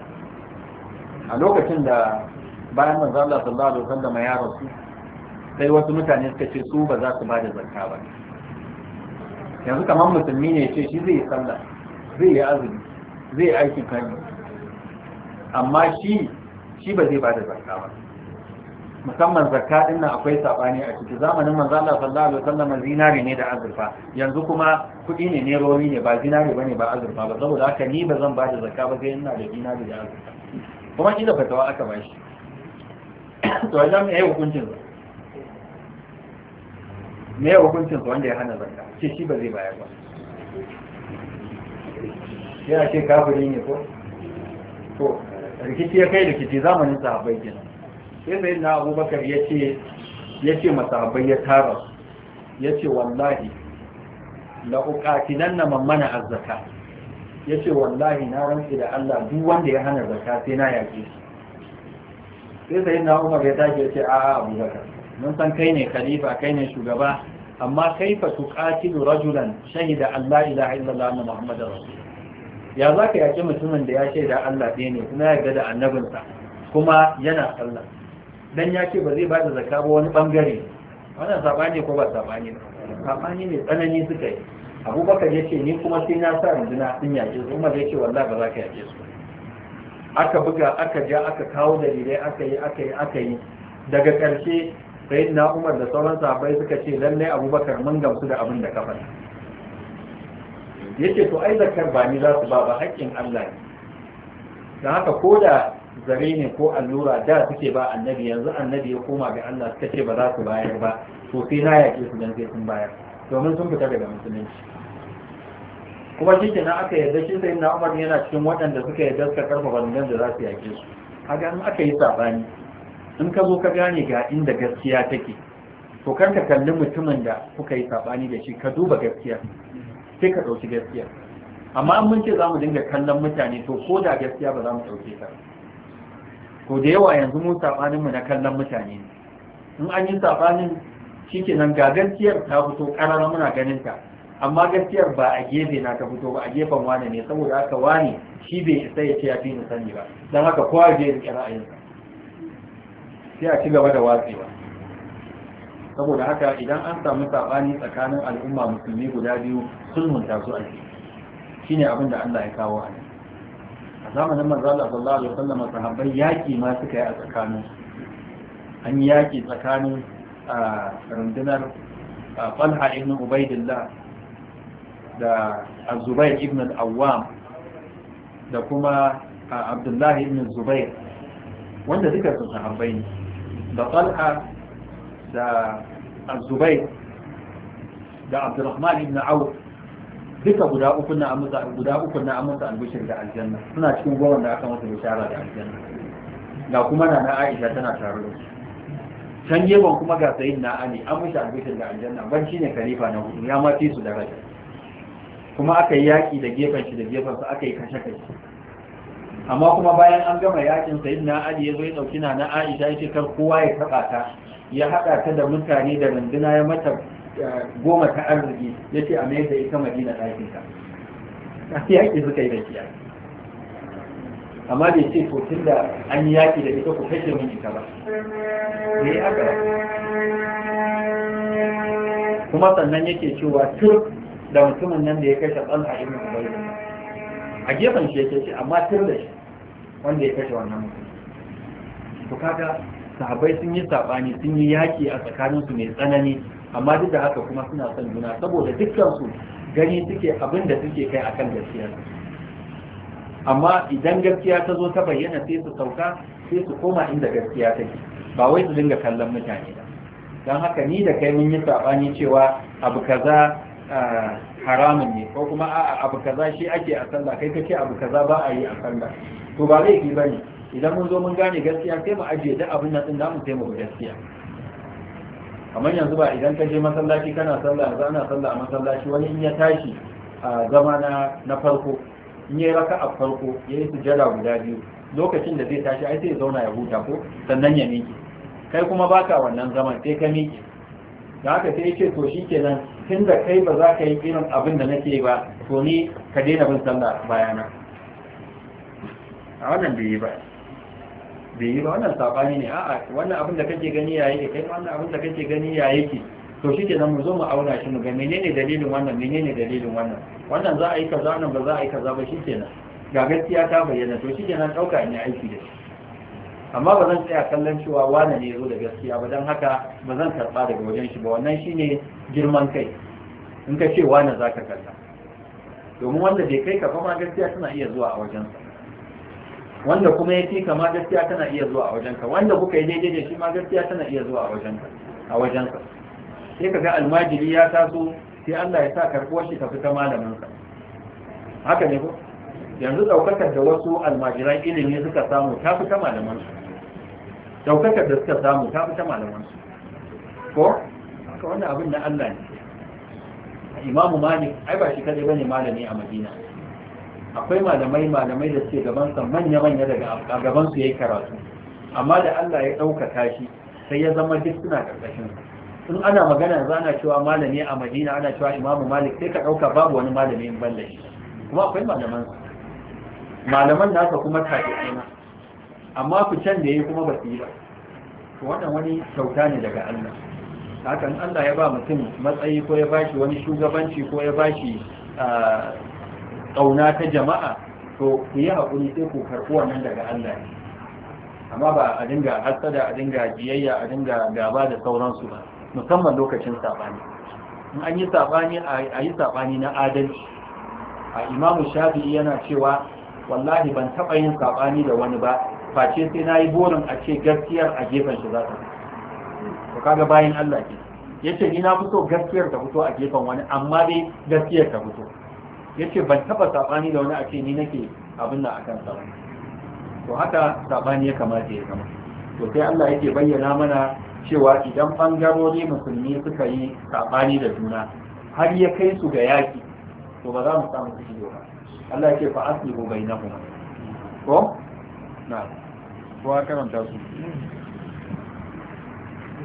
Speaker 1: a lokacin da bayan manzo Allah sallallahu alaihi wasallam ya rasu sai wasu mutane suka ce su ba za su ba da zakka ba yanzu kamar musulmi ne ce shi zai yi sallah zai yi azumi zai yi aikin kanyi amma shi shi ba zai ba da zakka ba musamman zakka din nan akwai sabani a ciki zamanin manzo Allah sallallahu alaihi wasallam zinari ne da azurfa yanzu kuma kudi ne ne rori ne ba zinari bane ba azurfa ba saboda haka ni ba zan ba da zakka ba sai ina da zinari da azurfa kuma ina fatawa aka bashi to wajen mai hukuncin su, mai hukuncin su wanda ya hana zakka ce shi ba zai bayar ba Yana ce kafiri ne ko to rikici ya kai rikici zamanin sahabbai kenan sai sai na abubakar ya ce ya ce masahabbai ya tara ya ce wallahi la'ukatinan na mana azzaka ya ce wallahi na rantsi da Allah duk wanda ya hana zaka sai na yaƙe shi sai sai na umar ya tashi ce a abu bakar mun san kai ne khalifa kai ne shugaba amma kai fa kaifa tuqatilu rajulan shahida Allah la ilaha illallah anna muhammadar rasul ya za ka yaki mutumin da ya shaida Allah ɗaya ne kuma ya ga da annabinsa kuma yana sallah dan ya ce ba zai bada zakka ba wani bangare wannan sabani ko ba sabani ba sabani ne tsanani suka yi abubakar ya ce ni kuma sai na sa runduna sun yaƙe su umar ya ce wallahi ba za ka yaƙe su aka buga aka ja aka kawo dalilai aka yi aka yi aka yi daga ƙarshe sai na umar da sauran sahabbai suka ce lallai abubakar mun gamsu da abin da ka yake yace to ai zakar ba ni za su ba ba haƙƙin Allah ne don haka ko da zare ne ko allura da suke ba annabi yanzu annabi ya koma ga Allah suka ce ba za su bayar ba to sai na yaƙe su dan sai sun bayar domin sun fita daga musulunci kuma shi kenan aka yarda shi sai na umar yana cikin waɗanda suka yarda suka karɓa dangan da za su yake su kaga in aka yi saɓani in ka zo ka gane ga inda gaskiya take to kar ka kalli mutumin da kuka yi saɓani da shi ka duba gaskiya sai ka ɗauki gaskiya amma an mun ce za mu dinga kallon mutane to ko da gaskiya ba za mu ɗauke ta to da yawa yanzu mu saɓaninmu na kallon mutane ne in an yi saɓanin shi ga gaskiyar ta fito ƙarara muna ganin ta amma gaskiyar ba a gefe na ta fito ba a gefen wane ne saboda haka wane shi bai isa ya ce ya fi ni sani ba don haka kowa je ya rike ra'ayinsa sai a ci gaba da watsewa saboda haka idan an samu sabani tsakanin al'umma musulmi guda biyu sun munta su alfi shine abin da Allah ya kawo a nan a zamanin manzo Allah sallallahu alaihi wasallam sahabbai yaki ma suka yi a tsakanin an yaki tsakanin ah, rundunar Falha ah, ibn Ubaidillah da azubair ibn al-awwam da kuma abdullahi ibn zubair wanda duka su sahabbai ne da talha da azubair da abdurrahman ibn auf duka guda uku na amsa guda albishir da aljanna suna cikin gowan da aka masa bishara da aljanna ga kuma na Aisha tana tare da su can gefen kuma ga sayin na ali an mishi albishir da aljanna ban shi ne khalifa na hudu ya ma fi su daraja kuma aka yi yaƙi da gefen shi da gefen su aka yi kashe-kashe amma kuma bayan an gama yaƙin sai na ali ya zo ya ɗauki na aisha ya ce kar kowa ya taɓa ta ya haɗa ta da mutane da runduna ya mata eh, goma ta arziki ya ce a mai da ita madina ɗakin ta yaƙi suka yi da kiya amma bai ce to tun da an yi yaƙi da ita ku kashe mun ita ba me ya kuma sannan yake cewa tur da mutumin nan da ya kashe tsalha ibn ubayy a gefen shi yake ce amma tun da shi wanda ya kashe wannan mutum to kaga sahabbai sun yi sabani sun yi yaki a tsakanin su mai tsanani amma duk da haka kuma suna son juna saboda dukkan su gani suke abin da suke kai akan gaskiya amma idan gaskiya ta zo ta bayyana sai su sauka sai su koma inda gaskiya take ba wai su dinga kallon mutane ba don haka ni da kai mun yi sabani cewa abu kaza Eh, haramun ne ko kuma a abu kaza shi ake a sallah kai kace abu kaza ba a yi a sallah to ba zai yi bane idan mun zo mun gane gaskiya sai mu ajiye da abin nan din da mu sai mu gaskiya amma yanzu ba idan ka je masallaci kana sallah yanzu ana sallah a masallaci wani in ya tashi a zama na farko in ya raka a farko ya yi sujada guda biyu lokacin da zai tashi ai sai ya zauna ya huta ko sannan ya miƙe kai kuma baka wannan zaman sai ka miƙe da haka sai ce to shi kenan tun da kai ba za ka yi irin abin da nake ba to ni ka daina bin sallah bayana a wannan bai yi ba bai yi ba wannan sabani ne a'a wannan abin da kake gani ya yake kai wannan abin da kake gani ya yake to shi kenan mu zo mu auna shi mu ga menene dalilin wannan menene dalilin wannan wannan za a yi kaza nan ba za a yi kaza ba shi kenan ga gaskiya ta bayyana to shi kenan dauka in aiki da shi amma ba zan tsaya kallon cewa wane ne ya zo da gaskiya ba don haka ba zan karɓa daga wajen shi ba wannan shine girman kai in ka ce wane za ka kalla domin wanda bai kai kafa ma gaskiya tana iya zuwa a wajensa wanda kuma ya fi ma gaskiya tana iya zuwa a wajenka wanda kuka yi daidai da shi ma gaskiya tana iya zuwa a wajenka a wajensa sai ka ga almajiri ya taso sai Allah ya sa karɓuwar shi tafi ta malaminsa haka ne ko yanzu ɗaukakar da wasu almajiran ilimi suka samu ta fi ta malaminsa daukakar da suka samu ta fi ta malamansu ko haka wannan abin na Allah ne imamu malik ai ba shi kadai bane malami a madina akwai malamai malamai da suke gabansa manya-manya daga a gabansu ya yi karatu amma da Allah ya ɗaukaka shi sai ya zama duk suna ƙarƙashin in ana magana za ana cewa malami a madina ana cewa imamu malik sai ka ɗauka babu wani malami in balla shi kuma akwai malaman malaman nasa kuma tafi aina amma ku can da ya kuma ba To wannan wani kyauta ne daga Allah hakan Allah ya ba mutum matsayi ko ya bashi wani shugabanci ko ya bashi ƙauna ta jama'a to ku yi haƙuri sai ku karɓi wannan daga Allah ne amma ba a dinga hasada a dinga jiyayya a dinga gaba da sauransu ba musamman lokacin saɓani in an yi saɓani a yi saɓani na adalci a imamu shafi'i yana cewa wallahi ban taɓa yin saɓani da wani ba face sai na yi burin a ce gaskiyar a gefen shi za ta to kaga bayan Allah ke yace ni na fito gaskiyar ta fito a gefen wani amma dai gaskiyar ta fito yace ban taba sabani da wani a ce ni nake abin nan akan sa to haka sabani ya kamata ya zama to sai Allah yake bayyana mana cewa idan bangarori musulmi suka yi sabani da juna har ya kai su ga yaki to ba za mu samu ciki ba Allah yake fa aslihu bainahuma ko نعم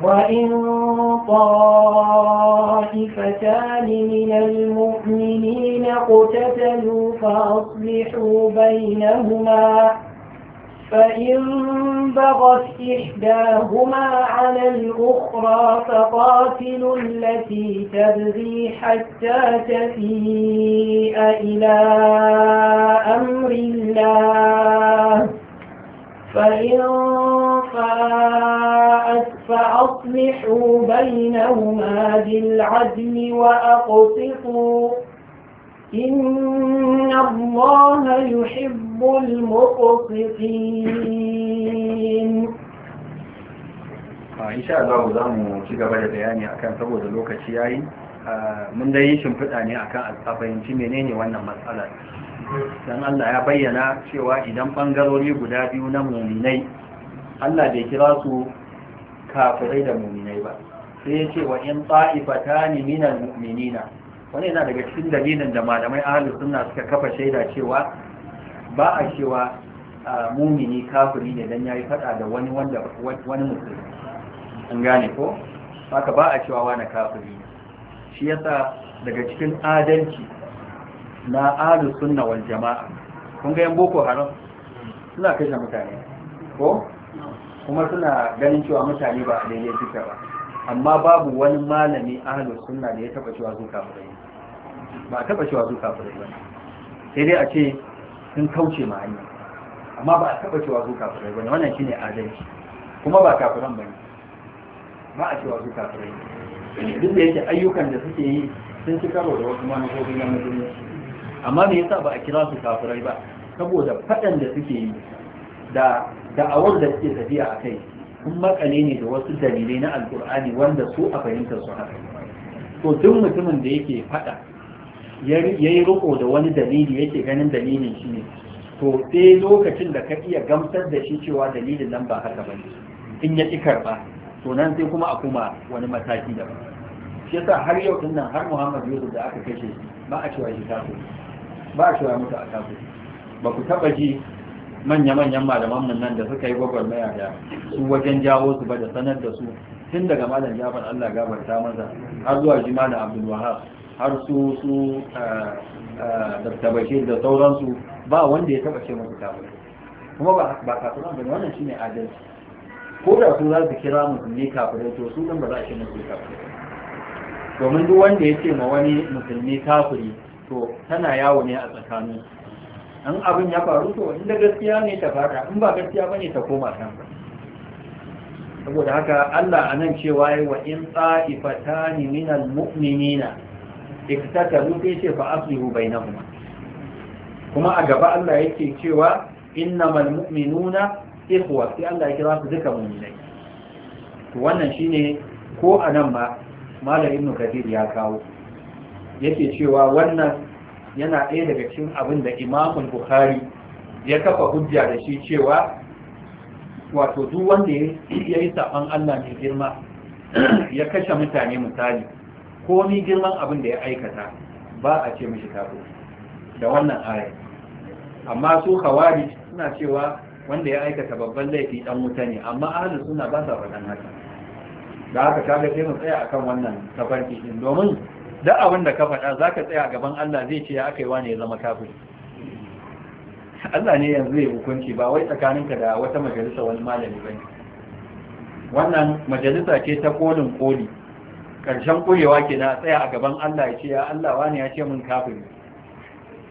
Speaker 2: وإن طائفتان من المؤمنين اقتتلوا فأصلحوا بينهما فإن بغت إحداهما على الأخرى فقاتلوا التي تبغي حتى تفيء إلى أمر الله فإن فاءت فأصلحوا بينهما بالعدل وأقسطوا إن الله يحب المقسطين
Speaker 1: insha Allah za mu ci gaba da bayani akan saboda lokaci yayin mun dai yi shimfiɗa ne akan a fahimci menene wannan matsalar dan Allah ya bayyana cewa idan bangarori guda biyu na muminai Allah bai kira su kafirai da muminai ba sai ya ce wa in ta'ifatani minal mu'minina wani yana daga cikin dalilin da malamai ahli sunna suka kafa shaida cewa ba a cewa mumini kafiri ne dan yayi fada da wani wanda wani musulmi an gane ko haka ba a cewa wani kafiri ne shi yasa daga cikin adalci na ahlus sunna wal jama'a kun ga yan boko haram suna kashe mutane ko kuma suna ganin cewa mutane ba a daidai suka ba amma babu wani malami ahlus sunna da ya taba cewa su kafirai ba a taba cewa su kafirai ba sai dai a ce sun kauce ma hanya amma ba a taba cewa su kafirai ba wannan shine adalci kuma ba kafiran ba ne ba a cewa su kafirai duk da yake ayyukan da suke yi sun ci karo da wasu manufofi na musulunci amma me yasa ba a kira su kafirai ba saboda faɗan da suke yi da da'awar da suke tafiya a kai sun makale ne da wasu dalilai na alkur'ani wanda su a fahimtar su haka to duk mutumin da yake faɗa ya yi riko da wani dalili yake ganin dalilin shi ne to sai lokacin da ka iya gamsar da shi cewa dalilin nan ba haka bane in ya ƙi karɓa to nan sai kuma a kuma wani mataki daban shi yasa har yau din nan har Muhammad Yusuf da aka kashe ba a cewa shi kafiri ba a shura mutu a kafin ba ku taba ji manya-manyan malamanmu nan da suka yi gwagwarmaya da su wajen jawo su ba da sanar da su tun daga malam jafar allah ta maza har zuwa ji malam abdulwahab har su su eh, eh, da da sauransu ba wanda ya taba ce musu kafin kuma ba kafiran bane wannan shine adalci ko da su za su kira musulmi kafirai to su nan ba za a ce musu kafirai domin duk wanda ya ce ma wani musulmi kafiri to tana yawo ne a tsakanin an abin ya faru to inda gaskiya ne ta fara in ba gaskiya bane ta koma kan saboda haka Allah anan cewa yayi wa in ta'ifatani minal mu'minina iktatalu sai ce fa aslihu bainahuma kuma a gaba Allah yake cewa innamal mu'minuna ikhwa sai Allah ya kira duka mu'minai to wannan shine ko anan ma malam ibnu kathir ya kawo yake cewa wannan yana ɗaya daga cikin abin da imamun bukhari ya kafa hujja da shi cewa wato duk wanda ya yi saɓon allah mai girma [clears throat] ya kashe mutane misali ko ni girman abin da ya aikata ba a ce mishi kafin da wannan aya amma su kawari suna cewa wanda ya aikata babban laifi dan wuta ne amma ahalin suna ba sa faɗan haka da haka kaga sai mu tsaya akan wannan tafarki domin duk abin da ka faɗa za ka tsaya a gaban Allah zai ce aka yi wane ya zama kafin Allah ne yanzu ya hukunci ba wai tsakaninka da wata majalisa wani malami ba wannan majalisa ce ta kolin koli ƙarshen ƙurewa ke na tsaya a gaban Allah ya ce ya Allah wani ya ce mun kafin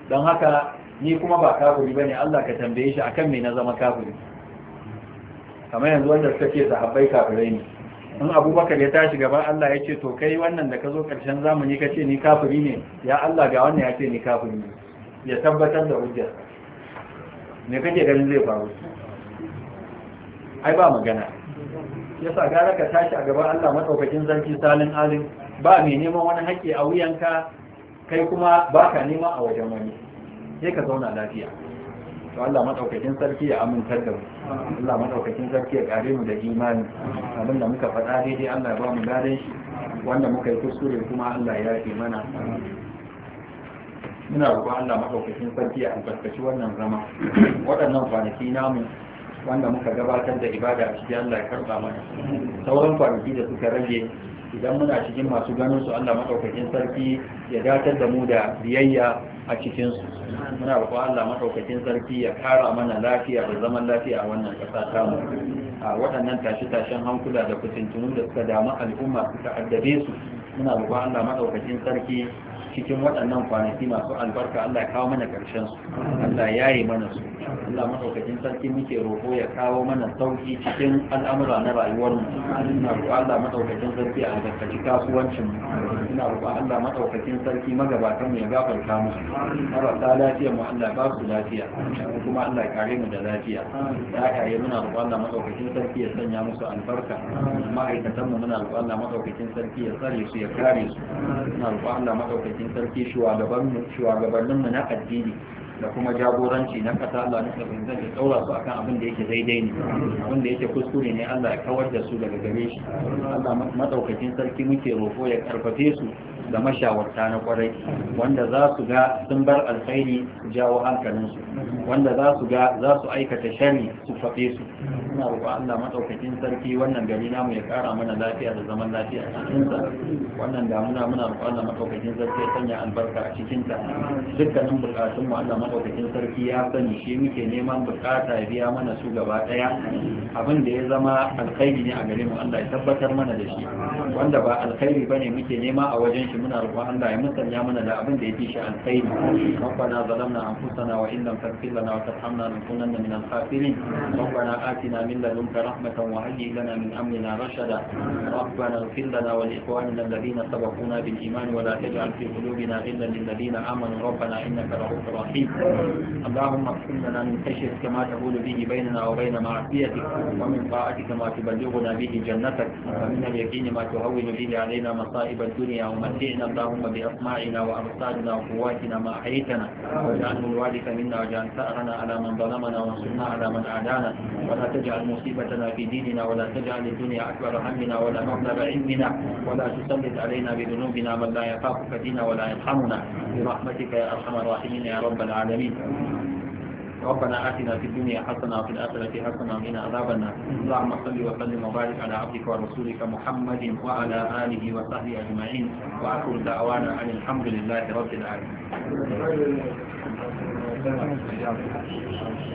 Speaker 1: don haka ni kuma ba kafiri ba ne Allah ka tambaye shi akan me na zama kafiri kamar yanzu wanda suka ce sahabbai kafirai ne in abubakar ya tashi gaba Allah ya ce to kai wannan da ka zo ƙarshen zamani ka ce ni kafiri ne ya Allah ga wannan ya ce ni kafiri ne ya tabbatar da hujjar me kake ganin zai faru ai ba magana yasa gara ka tashi a gaban Allah madaukakin sarki salin alin ba mai neman wani haƙƙi a wuyanka kai kuma ba ka nema a wajen wani sai ka zauna lafiya to Allah madaukakin sarki ya amintar da mu Allah madaukakin sarki ya kare mu da imani abin da muka faɗa daidai Allah ya ba mu ladan shi wanda muka yi kuskure kuma Allah ya yi mana muna roƙo Allah madaukakin sarki ya albarkaci wannan zama waɗannan kwanaki namu wanda muka gabatar da ibada a cikin Allah ya karɓa mana sauran kwanaki da suka rage idan muna cikin masu ganin su Allah madaukakin sarki ya datar da mu da biyayya a cikin su muna roƙon Allah maɗaukakin sarki ya kara mana lafiya da zaman lafiya a wannan ƙasa mu a waɗannan tashe-tashen hankula da kutuntunu da suka damu al'umma suka addabe su muna roƙon Allah maɗaukakin sarki cikin waɗannan kwanaki masu albarka Allah ya kawo mana ƙarshen su Allah ya yi mana su Allah maɗaukacin sarki muke roƙo ya kawo mana sauƙi cikin al'amura na rayuwar mu ina roƙo Allah maɗaukacin sarki a albarkaci kasuwancin mu ina roƙo Allah maɗaukacin sarki magabatan mu ya gafarta musu marasa lafiya mu Allah ba su lafiya kuma Allah ya kare mu da lafiya ya kare muna roƙo Allah maɗaukacin sarki ya sanya musu albarka ma'aikatan mu muna roƙo Allah maɗaukacin sarki ya tsare su ya kare su Ina roƙo Allah madaukakin madaukakin sarki shugabanninmu na addini da kuma jagoranci na kasa Allah na sabbin zai tsaura su akan abin da yake daidai ne abin da yake kuskure ne Allah ya kawar da su daga gare shi Allah madaukakin sarki muke roƙo ya karfafe su da mashawarta na kwarai wanda za su ga sun bar alkhairi su jawo su, wanda za su ga za su aikata shari su fafe su muna roƙo Allah madaukakin sarki wannan gari namu ya ƙara mana lafiya da zaman lafiya a cikin wannan damuna muna roƙo Allah madaukakin sarki ya sanya albarka a cikin dukkanin bukatun mu Allah madaukakin sarki ya sani shi muke neman buƙata ya biya mana su gaba ɗaya abin da ya zama alkhairi ne a gare mu Allah ya tabbatar mana da shi wanda ba alkhairi bane muke nema a wajen shi muna roƙo Allah ya musanya mana da abin da yake shi alkhairi ربنا ظلمنا أنفسنا وإن لم تغفر لنا وترحمنا لنكونن من الخاسرين ربنا آتنا من من لدنك رحمة وهيئ لنا من أمرنا رشدا ربنا اغفر لنا ولإخواننا الذين سبقونا بالإيمان ولا تجعل في قلوبنا غلا للذين آمنوا ربنا إنك رؤوف رحيم اللهم اغفر لنا من خشيتك ما تقول به بيننا وبين معصيتك ومن طاعتك ما تبلغنا به جنتك ومن اليقين ما تهون به علينا مصائب الدنيا ومتعنا اللهم بأسماعنا وأبصارنا وقواتنا ما أحييتنا واجعله الوارث منا واجعل ثأرنا على من ظلمنا وانصرنا على من أعدانا ولا تجعل تجعل مصيبتنا في ديننا ولا تجعل الدنيا أكبر همنا ولا مبلغ علمنا ولا تسلط علينا بذنوبنا من لا يخافك دينا ولا يرحمنا برحمتك يا أرحم الراحمين يا رب العالمين ربنا آتنا في الدنيا حسنة وفي الآخرة حسنة من عذابنا اللهم صل وسلم وبارك على عبدك ورسولك محمد وعلى آله وصحبه أجمعين وأقول دعوانا أن الحمد لله رب
Speaker 3: العالمين